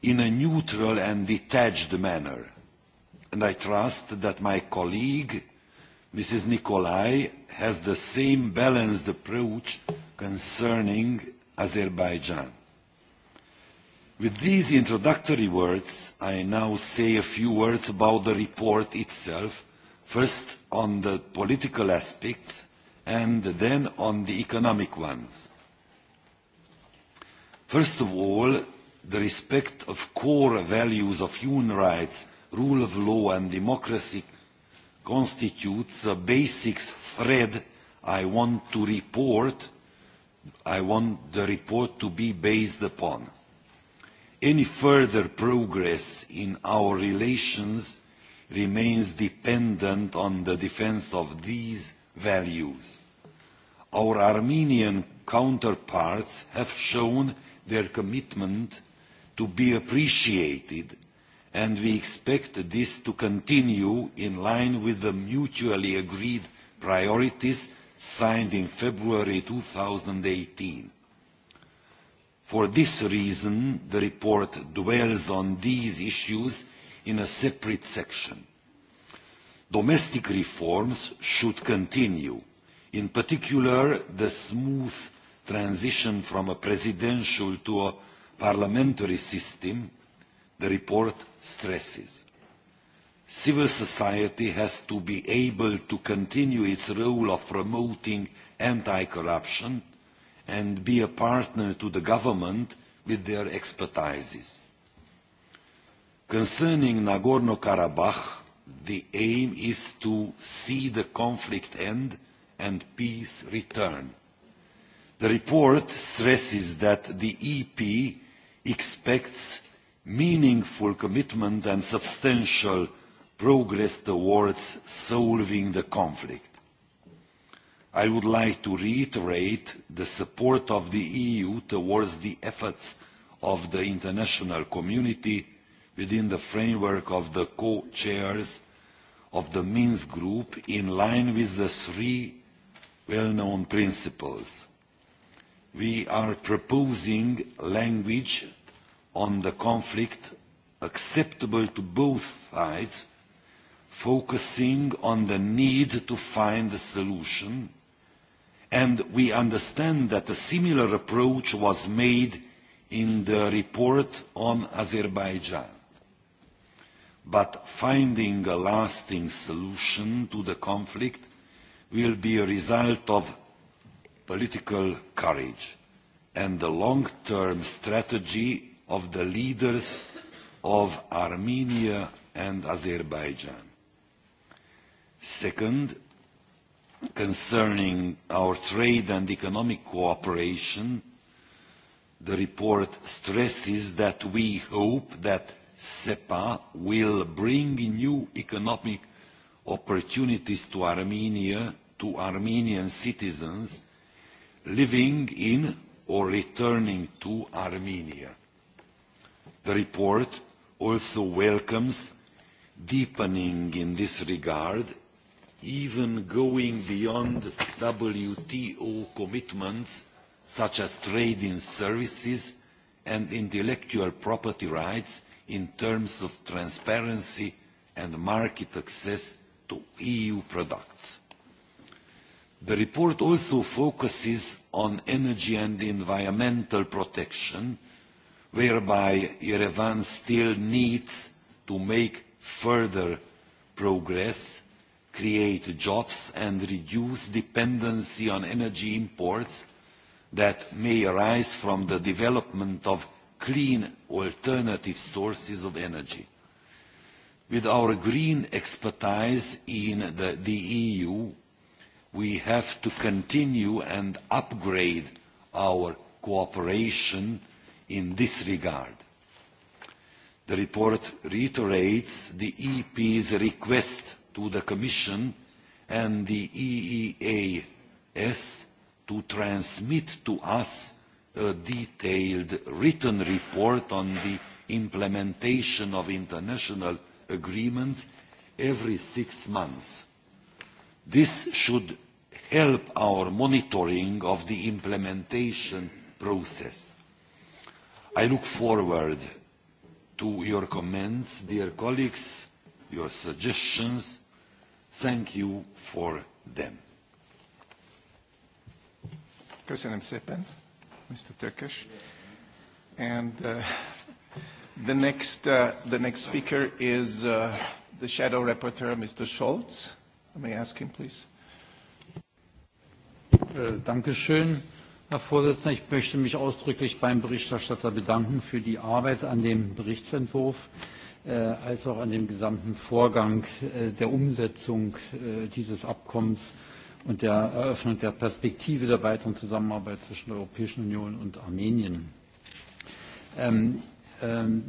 in a neutral and detached manner. And I trust that my colleague Mrs. Nikolai has the same balanced approach concerning Azerbaijan. With these introductory words, I now say a few words about the report itself, first on the political aspects and then on the economic ones. First of all, the respect of core values of human rights, rule of law and democracy constitutes the basic thread I want to report, I want the report to be based upon. Any further progress in our relations remains dependent on the defence of these values. Our Armenian counterparts have shown their commitment to be appreciated and we expect this to continue in line with the mutually agreed priorities signed in February eighteen. For this reason, the report dwells on these issues in a separate section. Domestic reforms should continue, in particular the smooth transition from a presidential to a parliamentary system the report stresses. Civil society has to be able to continue its role of promoting anti-corruption and be a partner to the government with their expertises. Concerning Nagorno-Karabakh, the aim is to see the conflict end and peace return. The report stresses that the EP expects meaningful commitment and substantial progress towards solving the conflict. I would like to reiterate the support of the EU towards the efforts of the international community within the framework of the co-chairs of the Minsk Group in line with the three well-known principles. We are proposing language on the conflict acceptable to both sides, focusing on the need to find a solution, and we understand that a similar approach was made in the report on Azerbaijan. But finding a lasting solution to the conflict will be a result of political courage and a long-term strategy of the leaders of Armenia and Azerbaijan. Second, concerning our trade and economic cooperation, the report stresses that we hope that SEPA will bring new economic opportunities to Armenia, to Armenian citizens living in or returning to Armenia. The report also welcomes deepening in this regard, even going beyond WTO commitments such as trade in services and intellectual property rights in terms of transparency and market access to EU products. The report also focuses on energy and environmental protection, whereby Yerevan still needs to make further progress, create jobs and reduce dependency on energy imports that may arise from the development of clean alternative sources of energy. With our green expertise in the, the EU, we have to continue and upgrade our cooperation in this regard. The report reiterates the EP's request to the Commission and the EEAS to transmit to us a detailed written report on the implementation of international agreements every six months. This should help our monitoring of the implementation process. I look forward to your comments, dear colleagues, your suggestions. Thank you for them. Köszönöm szépen, Mr. Tökös. And uh, the next uh, the next speaker is uh, the shadow rapporteur, Mr. Scholz. May I ask him, please? Uh, Danke schön. Herr Vorsitzender, ich möchte mich ausdrücklich beim Berichterstatter bedanken für die Arbeit an dem Berichtsentwurf äh, als auch an dem gesamten Vorgang äh, der Umsetzung äh, dieses Abkommens und der Eröffnung der Perspektive der weiteren Zusammenarbeit zwischen der Europäischen Union und Armenien. Ähm, ähm,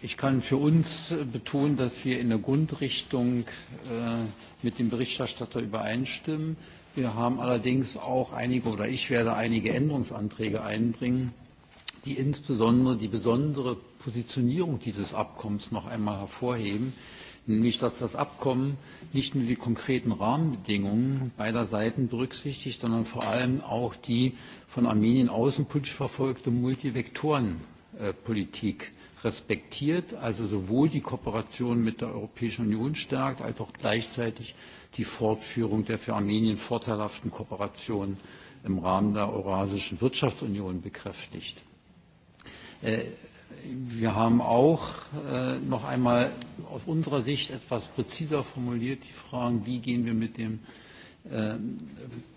ich kann für uns betonen, dass wir in der Grundrichtung äh, mit dem Berichterstatter übereinstimmen. Wir haben allerdings auch einige oder ich werde einige Änderungsanträge einbringen, die insbesondere die besondere Positionierung dieses Abkommens noch einmal hervorheben, nämlich dass das Abkommen nicht nur die konkreten Rahmenbedingungen beider Seiten berücksichtigt, sondern vor allem auch die von Armenien außenpolitisch verfolgte Multivektorenpolitik respektiert, also sowohl die Kooperation mit der Europäischen Union stärkt, als auch gleichzeitig die Fortführung der für Armenien vorteilhaften Kooperation im Rahmen der Eurasischen Wirtschaftsunion bekräftigt. Äh, wir haben auch äh, noch einmal aus unserer Sicht etwas präziser formuliert die Fragen, wie gehen wir mit dem ähm,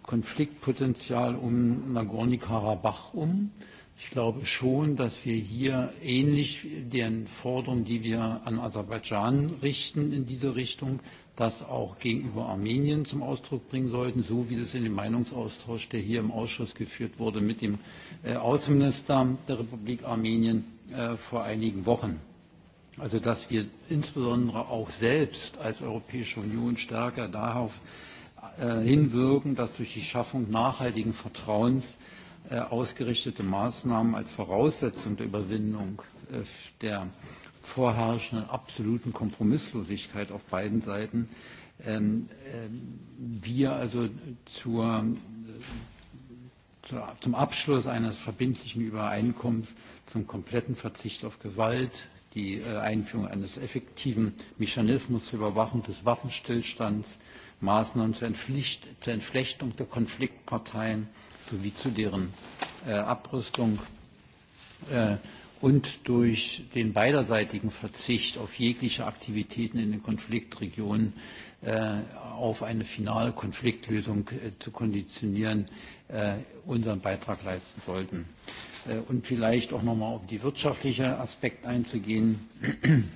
Konfliktpotenzial um Nagorno-Karabach um. Ich glaube schon, dass wir hier ähnlich den Forderungen, die wir an Aserbaidschan richten, in diese Richtung das auch gegenüber Armenien zum Ausdruck bringen sollten, so wie das in dem Meinungsaustausch, der hier im Ausschuss geführt wurde, mit dem äh, Außenminister der Republik Armenien äh, vor einigen Wochen. Also dass wir insbesondere auch selbst als Europäische Union stärker darauf äh, hinwirken, dass durch die Schaffung nachhaltigen Vertrauens ausgerichtete Maßnahmen als Voraussetzung der Überwindung der vorherrschenden absoluten Kompromisslosigkeit auf beiden Seiten ähm, äh, wir also zur, zu, zum Abschluss eines verbindlichen Übereinkommens zum kompletten Verzicht auf Gewalt, die äh, Einführung eines effektiven Mechanismus zur Überwachung des Waffenstillstands, Maßnahmen zur, Entpflicht, zur Entflechtung der Konfliktparteien sowie zu deren äh, Abrüstung äh, und durch den beiderseitigen Verzicht auf jegliche Aktivitäten in den Konfliktregionen äh, auf eine finale Konfliktlösung äh, zu konditionieren, äh, unseren Beitrag leisten sollten. Und vielleicht auch nochmal auf um die wirtschaftliche Aspekt einzugehen.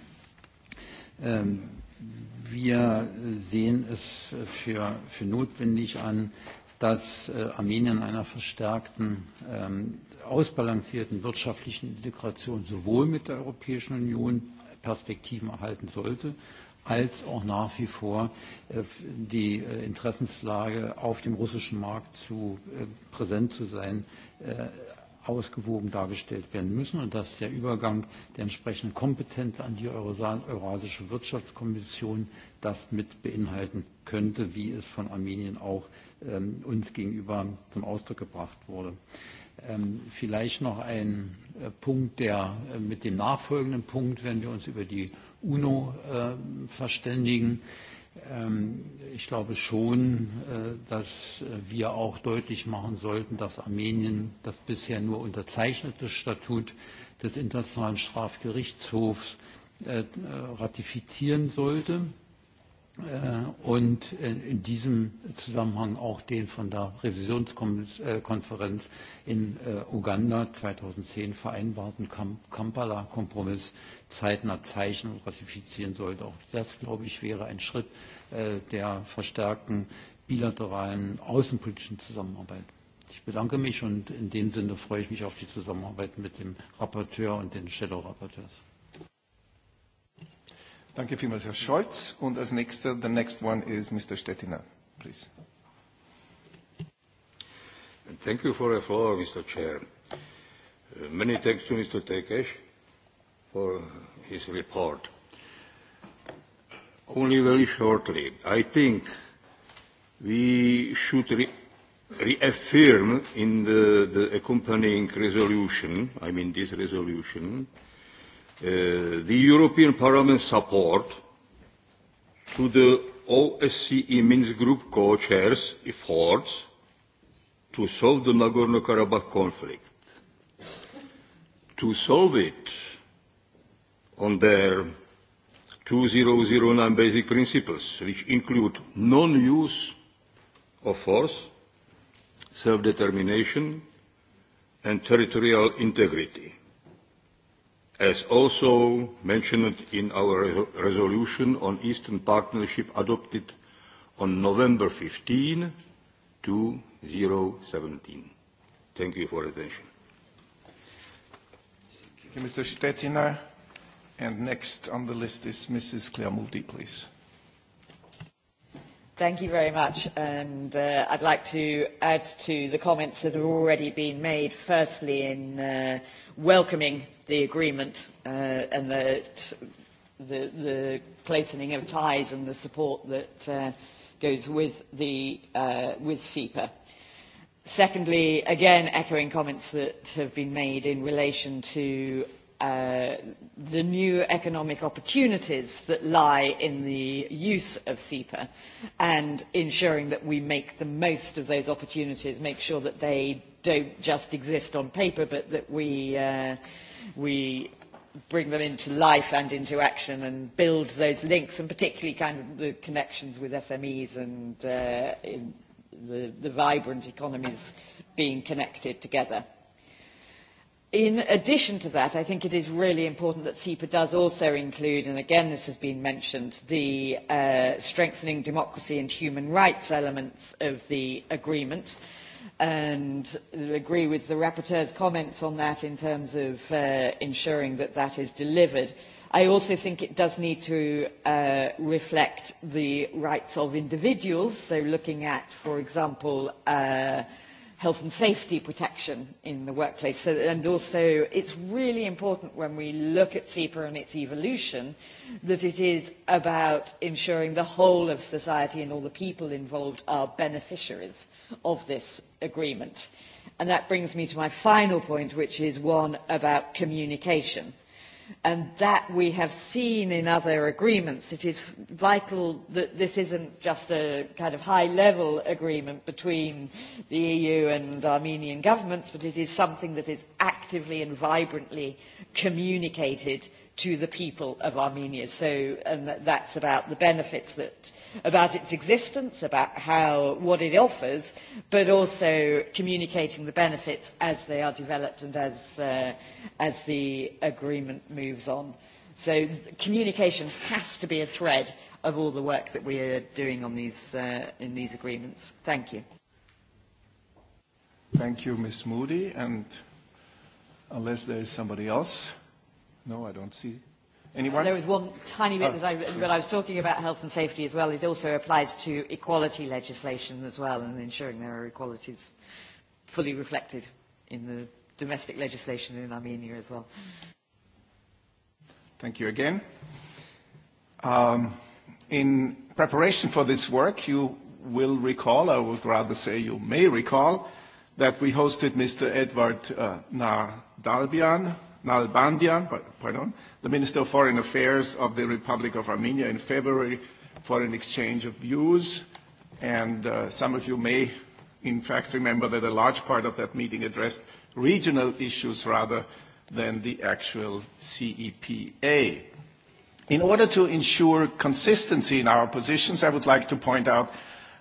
Ähm, wir sehen es für, für notwendig an, dass Armenien einer verstärkten ähm, ausbalancierten wirtschaftlichen Integration sowohl mit der Europäischen Union Perspektiven erhalten sollte, als auch nach wie vor äh, die äh, Interessenslage auf dem russischen Markt zu äh, präsent zu sein, ausgewogen dargestellt werden müssen und dass der Übergang der entsprechenden Kompetenz an die Eurasische Wirtschaftskommission das mit beinhalten könnte, wie es von Armenien auch ähm, uns gegenüber zum Ausdruck gebracht wurde. Ähm, vielleicht noch ein äh, Punkt, der äh, mit dem nachfolgenden Punkt, wenn wir uns über die UNO äh, verständigen, ähm, ich glaube schon, dass wir auch deutlich machen sollten, dass Armenien das bisher nur unterzeichnete Statut des Internationalen Strafgerichtshofs ratifizieren sollte Äh, und äh, in diesem Zusammenhang auch den von der Revisionskonferenz in äh, Uganda 2010 vereinbarten Kampala-Kompromiss zeitnah zeichnen und ratifizieren sollte. Auch das, glaube ich, wäre ein Schritt der verstärkten bilateralen außenpolitischen Zusammenarbeit. Ich bedanke mich und in dem Sinne freue ich mich auf die Zusammenarbeit mit dem Rapporteur und den Shadow-Rapporteurs. Danke vielmals, Herr Scholz. Und als nächster, the next one is Mr. Stettiner, please. Thank you for the floor, Mr. Chair. Uh, many thanks to Mr. Tekes for his report. Only very shortly, I think we should re reaffirm in the, the accompanying resolution, I mean this resolution, uh, Uh, the European Parliament support to the OSCE Minsk Group co-chairs efforts to solve the Nagorno-Karabakh conflict. To solve it on their 2009 basic principles, which include non-use of force, self-determination, and territorial integrity. As also mentioned in our re resolution on Eastern Partnership adopted on November 15, 2017. Thank you for attention. Thank you, Mr. Stettina. And next on the list is Mrs. Claire Moody, please. Thank you very much. And uh, I'd like to add to the comments that have already been made, firstly in uh, welcoming the agreement uh, and the, the, the closening of ties and the support that uh, goes with, the, uh, with SEPA. Secondly, again, echoing comments that have been made in relation to uh, the new economic opportunities that lie in the use of SEPA and ensuring that we make the most of those opportunities, make sure that they don't just exist on paper, but that we, uh, we bring them into life and into action and build those links, and particularly kind of the connections with SMEs and uh, in the, the vibrant economies being connected together. In addition to that, I think it is really important that CEPA does also include, and again this has been mentioned, the uh, strengthening democracy and human rights elements of the agreement and agree with the rapporteur's comments on that in terms of uh, ensuring that that is delivered. I also think it does need to uh, reflect the rights of individuals, so looking at, for example, uh, health and safety protection in the workplace. So, and also, it's really important when we look at CEPA and its evolution that it is about ensuring the whole of society and all the people involved are beneficiaries of this agreement. And that brings me to my final point, which is one about communication and that we have seen in other agreements. It is vital that this isn't just a kind of high-level agreement between the EU and Armenian governments, but it is something that is actually actively and vibrantly communicated to the people of Armenia. So and um, that's about the benefits that, about its existence, about how, what it offers, but also communicating the benefits as they are developed and as, uh, as the agreement moves on. So communication has to be a thread of all the work that we are doing on these, uh, in these agreements. Thank you. Thank you, Ms. Moody. And unless there is somebody else. No, I don't see uh, anyone. There was one tiny bit oh, that I, when I was talking about health and safety as well. It also applies to equality legislation as well and ensuring there are equalities fully reflected in the domestic legislation in Armenia as well. Thank you again. Um, in preparation for this work, you will recall, I would rather say you may recall, that we hosted Mr. Edward uh, Nalbandian, pardon, the Minister of Foreign Affairs of the Republic of Armenia in February for an exchange of views. And uh, some of you may, in fact, remember that a large part of that meeting addressed regional issues rather than the actual CEPA. In order to ensure consistency in our positions, I would like to point out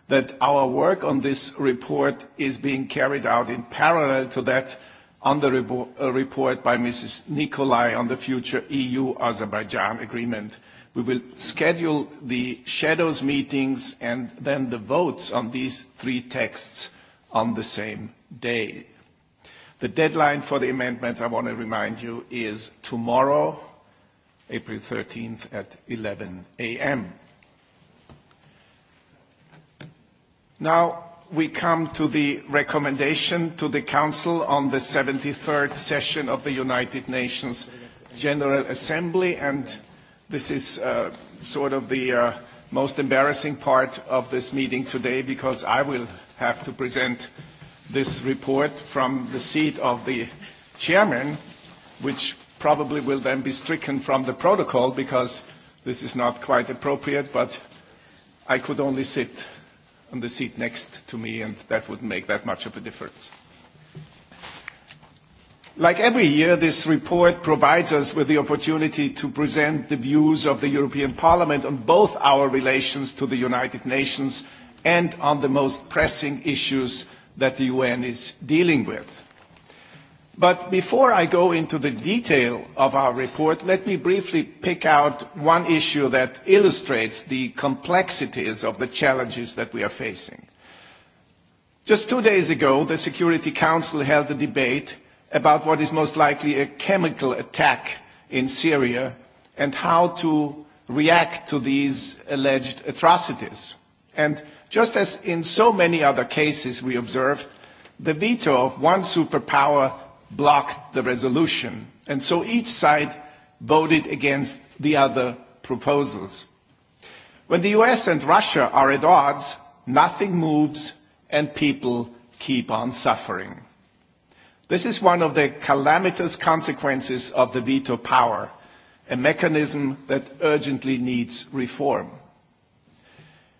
that our work on this report is being carried out in parallel to that on the uh, report by Mrs. Nicolai on the future EU-Azerbaijan agreement. We will schedule the shadows meetings and then the votes on these three texts on the same day. The deadline for the amendments, I want to remind you, is tomorrow, April 13th at 11 a.m. Now we come to the recommendation to the Council on the 73rd session of the United Nations General Assembly, and this is uh, sort of the uh, most embarrassing part of this meeting today because I will have to present this report from the seat of the chairman, which probably will then be stricken from the protocol because this is not quite appropriate, but I could only sit on the seat next to me, and that wouldn't make that much of a difference. Like every year, this report provides us with the opportunity to present the views of the European Parliament on both our relations to the United Nations and on the most pressing issues that the UN is dealing with. But before I go into the detail of our report, let me briefly pick out one issue that illustrates the complexities of the challenges that we are facing. Just two days ago, the Security Council held a debate about what is most likely a chemical attack in Syria and how to react to these alleged atrocities. And just as in so many other cases we observed, the veto of one superpower blocked the resolution. And so each side voted against the other proposals. When the US and Russia are at odds, nothing moves and people keep on suffering. This is one of the calamitous consequences of the veto power, a mechanism that urgently needs reform.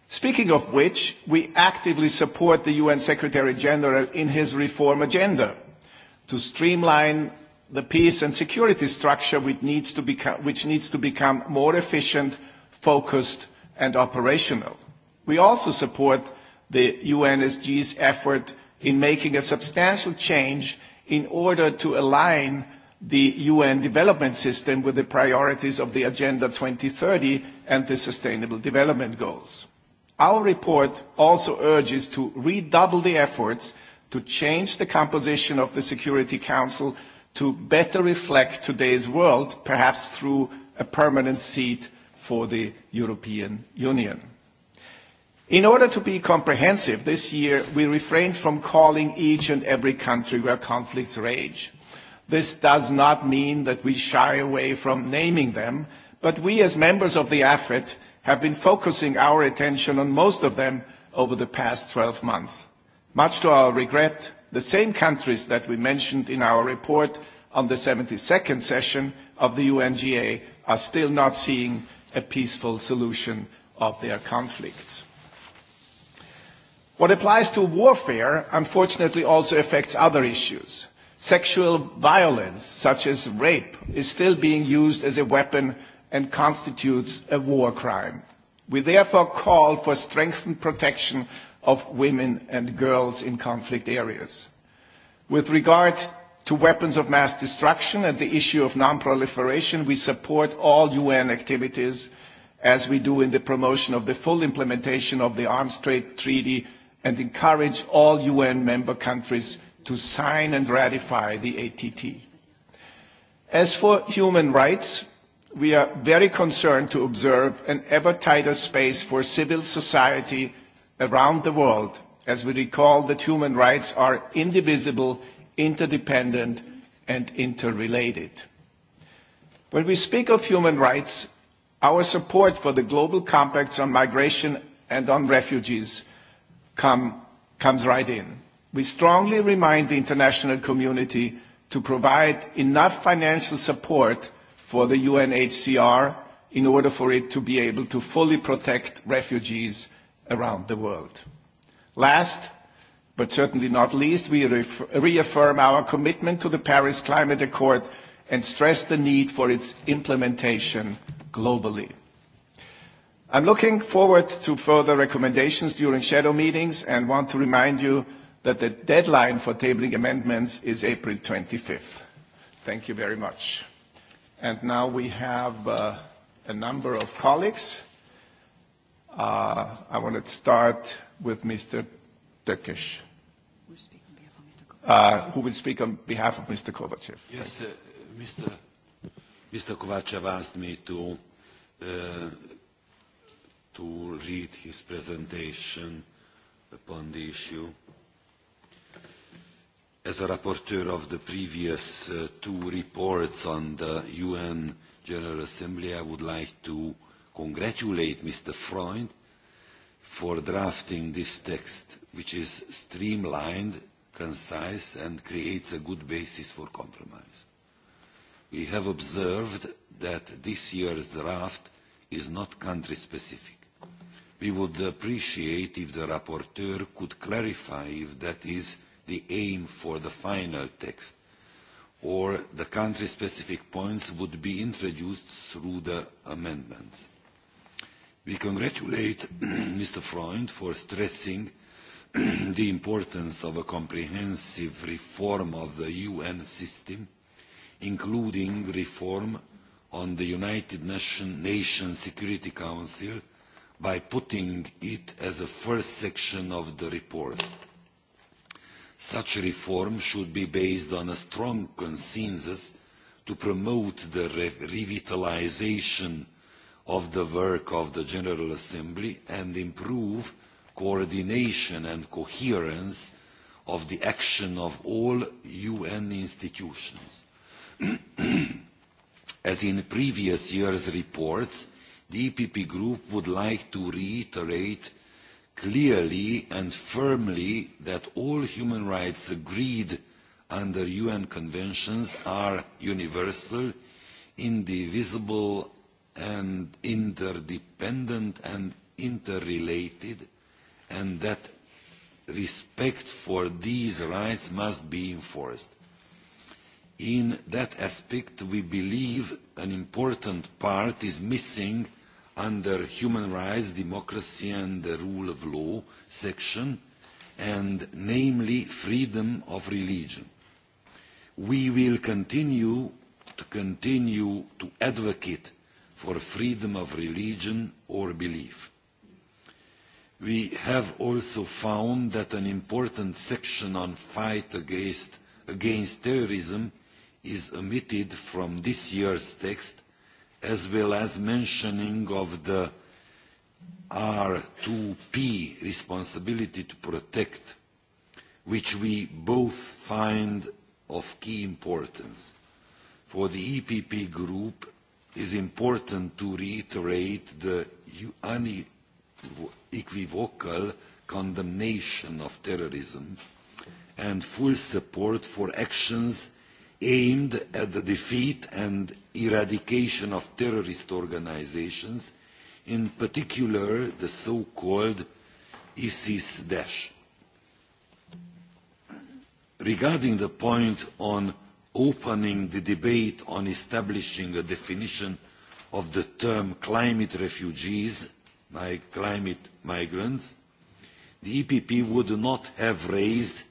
Speaking of which, we actively support the UN Secretary General in his reform agenda to streamline the peace and security structure which needs to become, which needs to become more efficient, focused and operational. We also support the UNSG's effort in making a substantial change in order to align the UN development system with the priorities of the Agenda 2030 and the Sustainable Development Goals. Our report also urges to redouble the efforts to change the composition of the Security Council to better reflect today's world, perhaps through a permanent seat for the European Union. In order to be comprehensive, this year we refrained from calling each and every country where conflicts rage. This does not mean that we shy away from naming them, but we as members of the AFET have been focusing our attention on most of them over the past 12 months. Much to our regret, the same countries that we mentioned in our report on the 72nd session of the UNGA are still not seeing a peaceful solution of their conflicts. What applies to warfare, unfortunately, also affects other issues. Sexual violence, such as rape, is still being used as a weapon and constitutes a war crime. We therefore call for strengthened protection of women and girls in conflict areas. With regard to weapons of mass destruction and the issue of non-proliferation, we support all UN activities as we do in the promotion of the full implementation of the Arms Trade Treaty and encourage all UN member countries to sign and ratify the ATT. As for human rights, we are very concerned to observe an ever tighter space for civil society around the world. As we recall that human rights are indivisible, interdependent and interrelated. When we speak of human rights, our support for the global compacts on migration and on refugees come, comes right in. We strongly remind the international community to provide enough financial support for the UNHCR in order for it to be able to fully protect refugees around the world. Last, but certainly not least, we reaffirm our commitment to the Paris Climate Accord and stress the need for its implementation globally. I'm looking forward to further recommendations during shadow meetings and want to remind you that the deadline for tabling amendments is April 25th. Thank you very much. And Now we have uh, a number of colleagues Uh, I want to start with Mr. Tökes, uh, who will speak on behalf of Mr. Kovacev. Yes, uh, Mr. Kovacev asked me to read his presentation upon the issue. As a rapporteur of the previous two reports on the UN General Assembly, I would like to congratulate Mr. Freund for drafting this text, which is streamlined, concise, and creates a good basis for compromise. We have observed that this year's draft is not country-specific. We would appreciate if the rapporteur could clarify if that is the aim for the final text, or the country-specific points would be introduced through the amendments. We congratulate Mr. Freund for stressing the importance of a comprehensive reform of the UN system, including reform on the United Nations Security Council by putting it as a first section of the report. Such reform should be based on a strong consensus to promote the re revitalisation of the work of the General Assembly and improve coordination and coherence of the action of all UN institutions. As in previous year's reports, the EPP Group would like to reiterate clearly and firmly that all human rights agreed under UN conventions are universal, indivisible and interdependent and interrelated and that respect for these rights must be enforced. In that aspect, we believe an important part is missing under human rights, democracy and the rule of law section, and namely freedom of religion. We will continue to continue to advocate for freedom of religion or belief. We have also found that an important section on fight against, against terrorism is omitted from this year's text, as well as mentioning of the R2P responsibility to protect, which we both find of key importance. For the EPP group, is important to reiterate the unequivocal condemnation of terrorism and full support for actions aimed at the defeat and eradication of terrorist organisations, in particular the so-called ISIS-Daesh. Regarding the point on opening the debate on establishing a definition of the term climate refugees, my climate migrants, the EPP would not have raised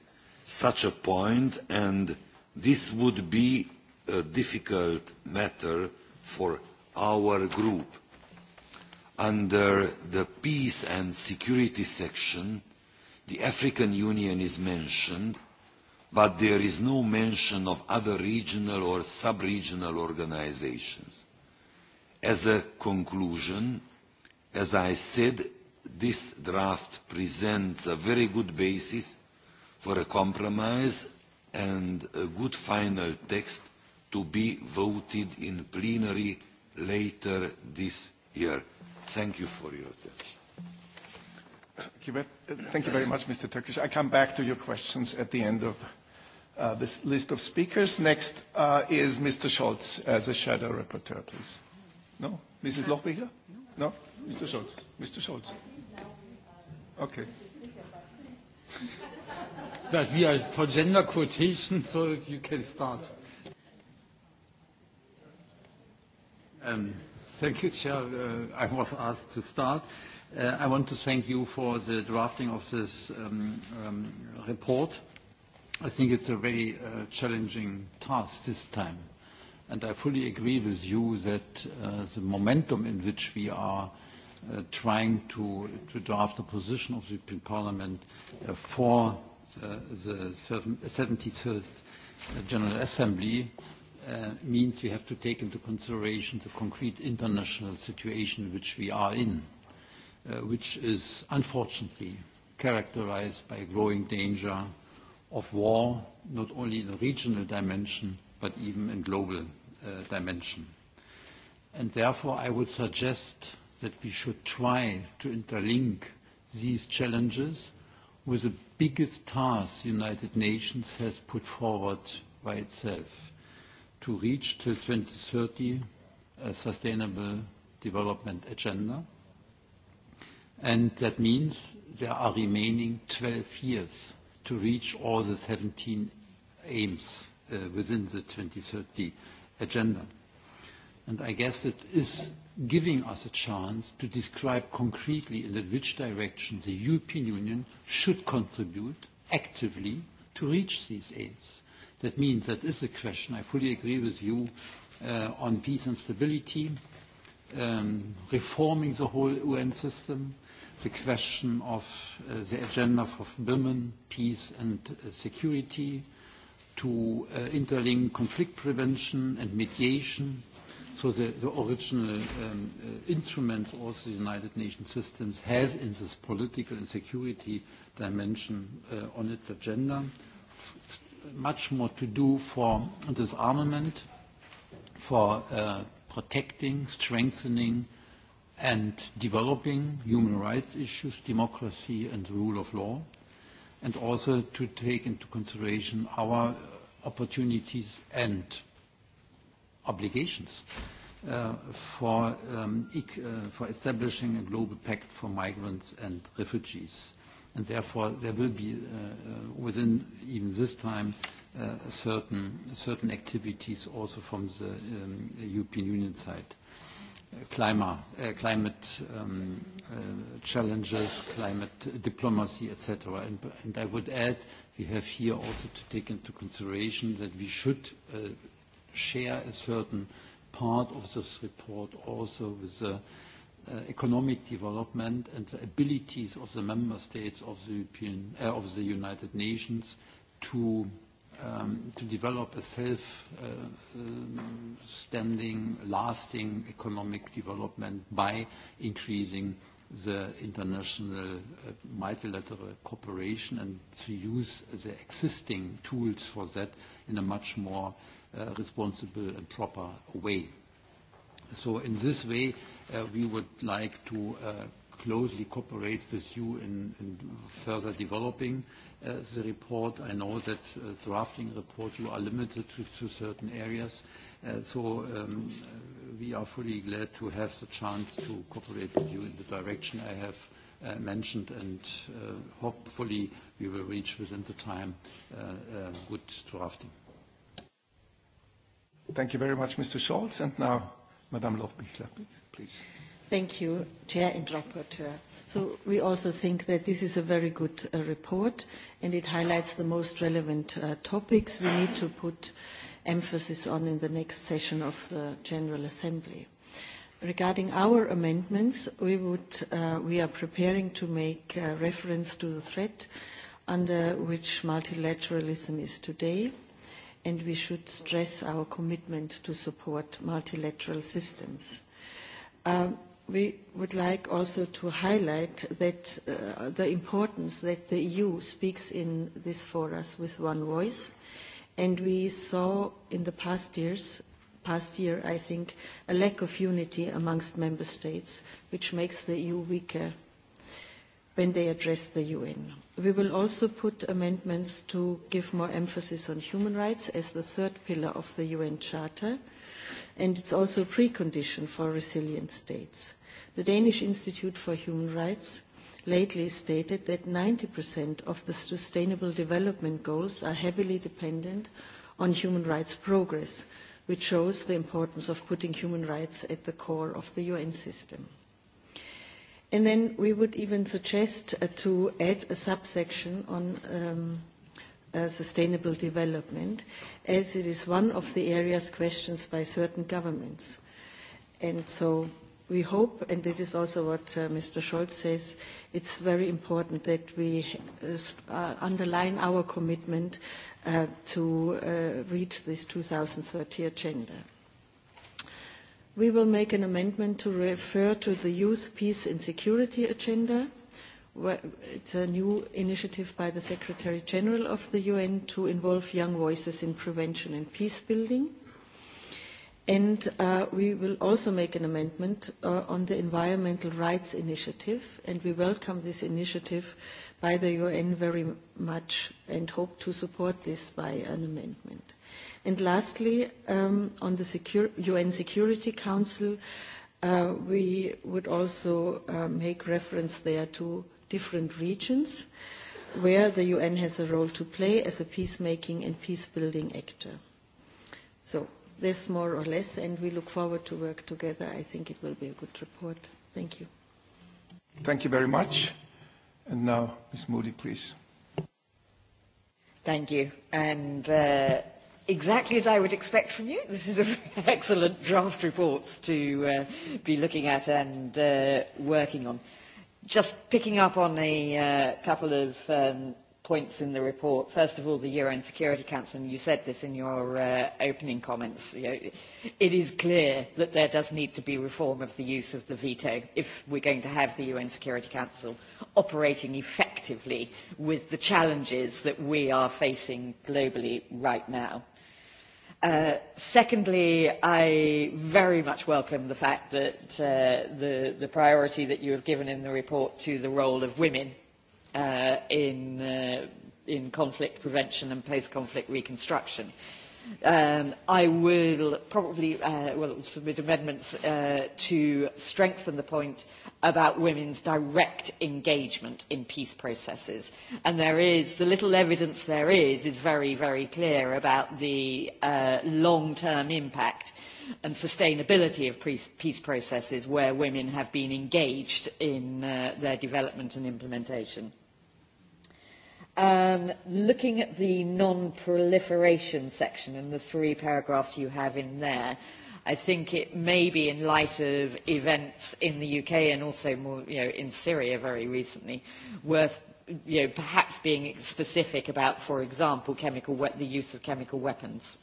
such a point and this would be a difficult matter for our group. Under the peace and security section, the African Union is mentioned but there is no mention of other regional or sub-regional organizations. As a conclusion, as I said, this draft presents a very good basis for a compromise and a good final text to be voted in plenary later this year. Thank you for your attention. Thank you very much, Mr. Turkish. I come back to your questions at the end of uh, this list of speakers. Next uh, is Mr. Scholz as a shadow rapporteur, please. No? Mrs. Lochbicher? No? Mr. Scholz. Mr. Scholz. Okay. But we are for gender quotation, so you can start. Um, thank you, Chair. Uh, I was asked to start. Uh, I want to thank you for the drafting of this um, um, report. I think it's a very uh, challenging task this time. And I fully agree with you that uh, the momentum in which we are uh, trying to, to draft the position of the European Parliament uh, for uh, the 73rd General Assembly uh, means we have to take into consideration the concrete international situation which we are in, uh, which is unfortunately characterized by growing danger of war, not only in a regional dimension, but even in global uh, dimension. And therefore, I would suggest that we should try to interlink these challenges with the biggest task the United Nations has put forward by itself to reach till 2030 a sustainable development agenda. And that means there are remaining 12 years to reach all the 17 aims uh, within the 2030 agenda. And I guess it is giving us a chance to describe concretely in which direction the European Union should contribute actively to reach these aims. That means that is a question. I fully agree with you uh, on peace and stability, um, reforming the whole UN system, the question of uh, the agenda for women, peace and uh, security, to uh, interlink conflict prevention and mediation. So the, the original um, uh, instruments also the United Nations systems has in this political and security dimension uh, on its agenda. Much more to do for disarmament, for uh, protecting, strengthening, and developing human rights issues, democracy and the rule of law, and also to take into consideration our opportunities and obligations uh, for, um, ec uh, for establishing a global pact for migrants and refugees. And therefore, there will be uh, uh within even this time uh, certain, certain activities also from the um, European Union side climate, uh, climate um, uh, challenges, climate diplomacy, etc. And, and I would add, we have here also to take into consideration that we should uh, share a certain part of this report also with the uh, economic development and the abilities of the member states of the European, uh, of the United Nations to um, to develop a self-standing, uh, um, lasting economic development by increasing the international uh, multilateral cooperation and to use the existing tools for that in a much more uh, responsible and proper way. So in this way, uh, we would like to uh, closely cooperate with you in, in further developing uh, the report. I know that uh, drafting report, you are limited to, to certain areas. Uh, so um, we are fully glad to have the chance to cooperate with you in the direction I have uh, mentioned, and uh, hopefully we will reach within the time uh, uh, good drafting. Thank you very much, Mr. Scholz. And now, Madame Lofbichler, please. Thank you, Chair and Rapporteur. So we also think that this is a very good uh, report and it highlights the most relevant uh, topics we need to put emphasis on in the next session of the General Assembly. Regarding our amendments, we, would, uh, we are preparing to make uh, reference to the threat under which multilateralism is today, and we should stress our commitment to support multilateral systems. Um, we would like also to highlight that uh, the importance that the EU speaks in this for us with one voice. And we saw in the past years, past year, I think, a lack of unity amongst member states, which makes the EU weaker when they address the UN. We will also put amendments to give more emphasis on human rights as the third pillar of the UN Charter and it's also a precondition for resilient states. The Danish Institute for Human Rights lately stated that 90% of the sustainable development goals are heavily dependent on human rights progress, which shows the importance of putting human rights at the core of the UN system. And then we would even suggest uh, to add a subsection on um, Uh, sustainable development, as it is one of the areas questioned by certain governments. And so we hope, and it is also what uh, Mr. Scholz says, it's very important that we uh, underline our commitment uh, to uh, reach this 2030 agenda. We will make an amendment to refer to the Youth, Peace and Security agenda It's a new initiative by the Secretary General of the UN to involve young voices in prevention and peace building. And uh, we will also make an amendment uh, on the Environmental Rights Initiative, and we welcome this initiative by the UN very much and hope to support this by an amendment. And lastly, um, on the secure, UN Security Council, uh, we would also uh, make reference there to different regions where the UN has a role to play as a peacemaking and peace-building actor. So this more or less, and we look forward to work together. I think it will be a good report. Thank you. Thank you very much. And now, Ms. Moody, please. Thank you. And uh, exactly as I would expect from you, this is an excellent draft report to uh, be looking at and uh, working on. Just picking up on a uh, couple of um, points in the report. First of all, the Euro and Security Council, and you said this in your uh, opening comments. You know, it is clear that there does need to be reform of the use of the veto if we're going to have the UN Security Council operating effectively with the challenges that we are facing globally right now. Uh, secondly, I very much welcome the fact that uh, the, the priority that you have given in the report to the role of women uh, in, uh, in conflict prevention and post-conflict reconstruction. Uh, Um, I will probably uh, well, submit amendments uh, to strengthen the point about women's direct engagement in peace processes. And there is, the little evidence there is, is very, very clear about the uh, long-term impact and sustainability of peace, processes where women have been engaged in uh, their development and implementation. Um, looking at the non-proliferation section and the three paragraphs you have in there, I think it may be in light of events in the UK and also more, you know, in Syria very recently, worth you know, perhaps being specific about, for example, chemical we- the use of chemical weapons,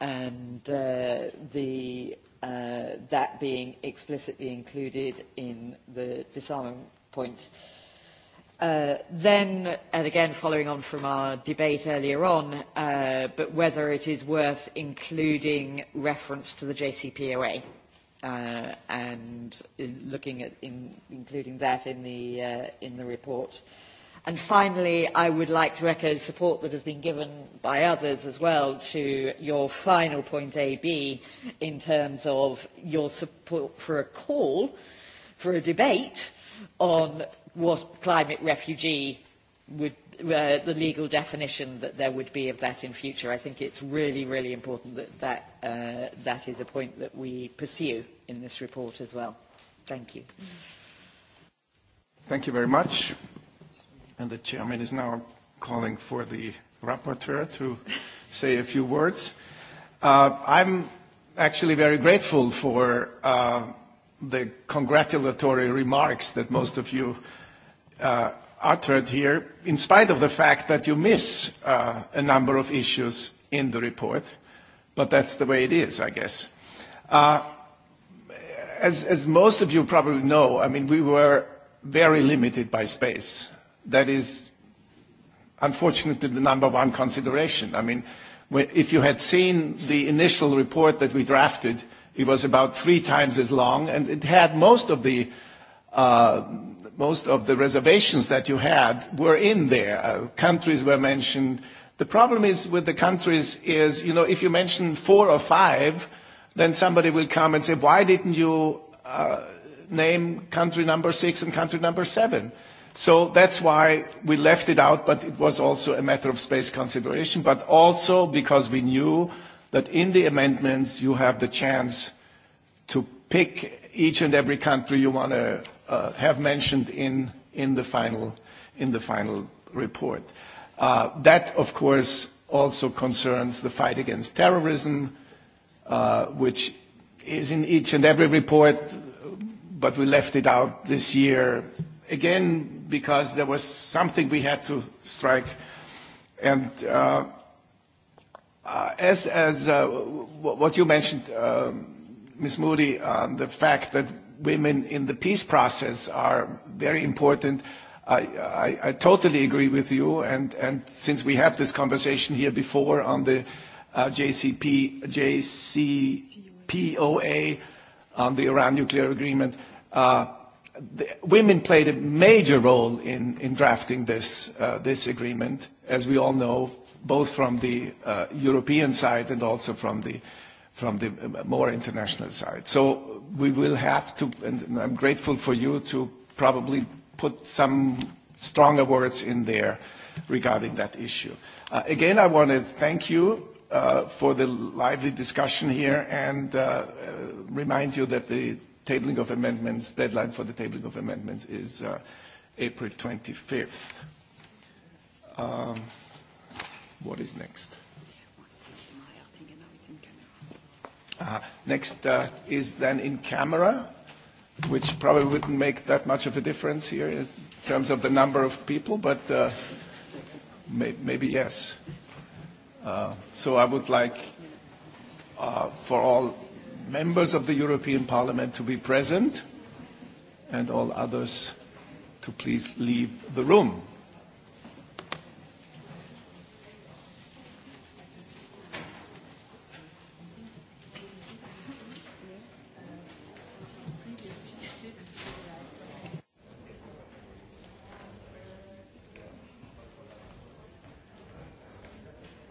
and uh, the uh, that being explicitly included in the disarmament point. Uh, Uh, then, and again following on from our debate earlier on, uh, but whether it is worth including reference to the JCPOA uh, and looking at in, including that in the, uh, in the report. And finally, I would like to echo support that has been given by others as well to your final point AB in terms of your support for a call for a debate on what climate refugee would uh, the legal definition that there would be of that in future. I think it's really, really important that that, uh, that is a point that we pursue in this report as well. Thank you. Thank you very much. And the chairman is now calling for the rapporteur to say a few words. Uh, I'm actually very grateful for uh, the congratulatory remarks that most of you uh, uttered here, in spite of the fact that you miss uh, a number of issues in the report, but that's the way it is, I guess. Uh, as, as most of you probably know, I mean, we were very limited by space. That is, unfortunately, the number one consideration. I mean, if you had seen the initial report that we drafted, it was about three times as long, and it had most of the uh, uh, most of the reservations that you had were in there. Uh, countries were mentioned. The problem is with the countries is, you know, if you mention four or five, then somebody will come and say, why didn't you uh, name country number six and country number seven? So that's why we left it out, but it was also a matter of space consideration, but also because we knew that in the amendments you have the chance to pick each and every country you want to uh, have mentioned in, in, the final, in the final report. Uh, that, of course, also concerns the fight against terrorism, uh, which is in each and every report, but we left it out this year, again, because there was something we had to strike. And uh, uh, as, as uh, w what you mentioned, um, Ms. Moody on uh, the fact that women in the peace process are very important. I, I, I totally agree with you. And, and since we had this conversation here before on the uh, JCP, JCPOA, on the Iran nuclear agreement, uh, the, women played a major role in, in drafting this, uh, this agreement, as we all know, both from the uh, European side and also from the from the uh, more international side. So we will have to, and I'm grateful for you to probably put some stronger words in there regarding that issue. Uh, again, I want to thank you uh, for the lively discussion here and uh, uh remind you that the tabling of amendments, deadline for the tabling of amendments is uh, April 25th. Um, what is next? Uh, next uh, is then in camera, which probably wouldn't make that much of a difference here in terms of the number of people, but uh, may maybe yes. Uh, so I would like uh, for all members of the European Parliament to be present and all others to please leave the room.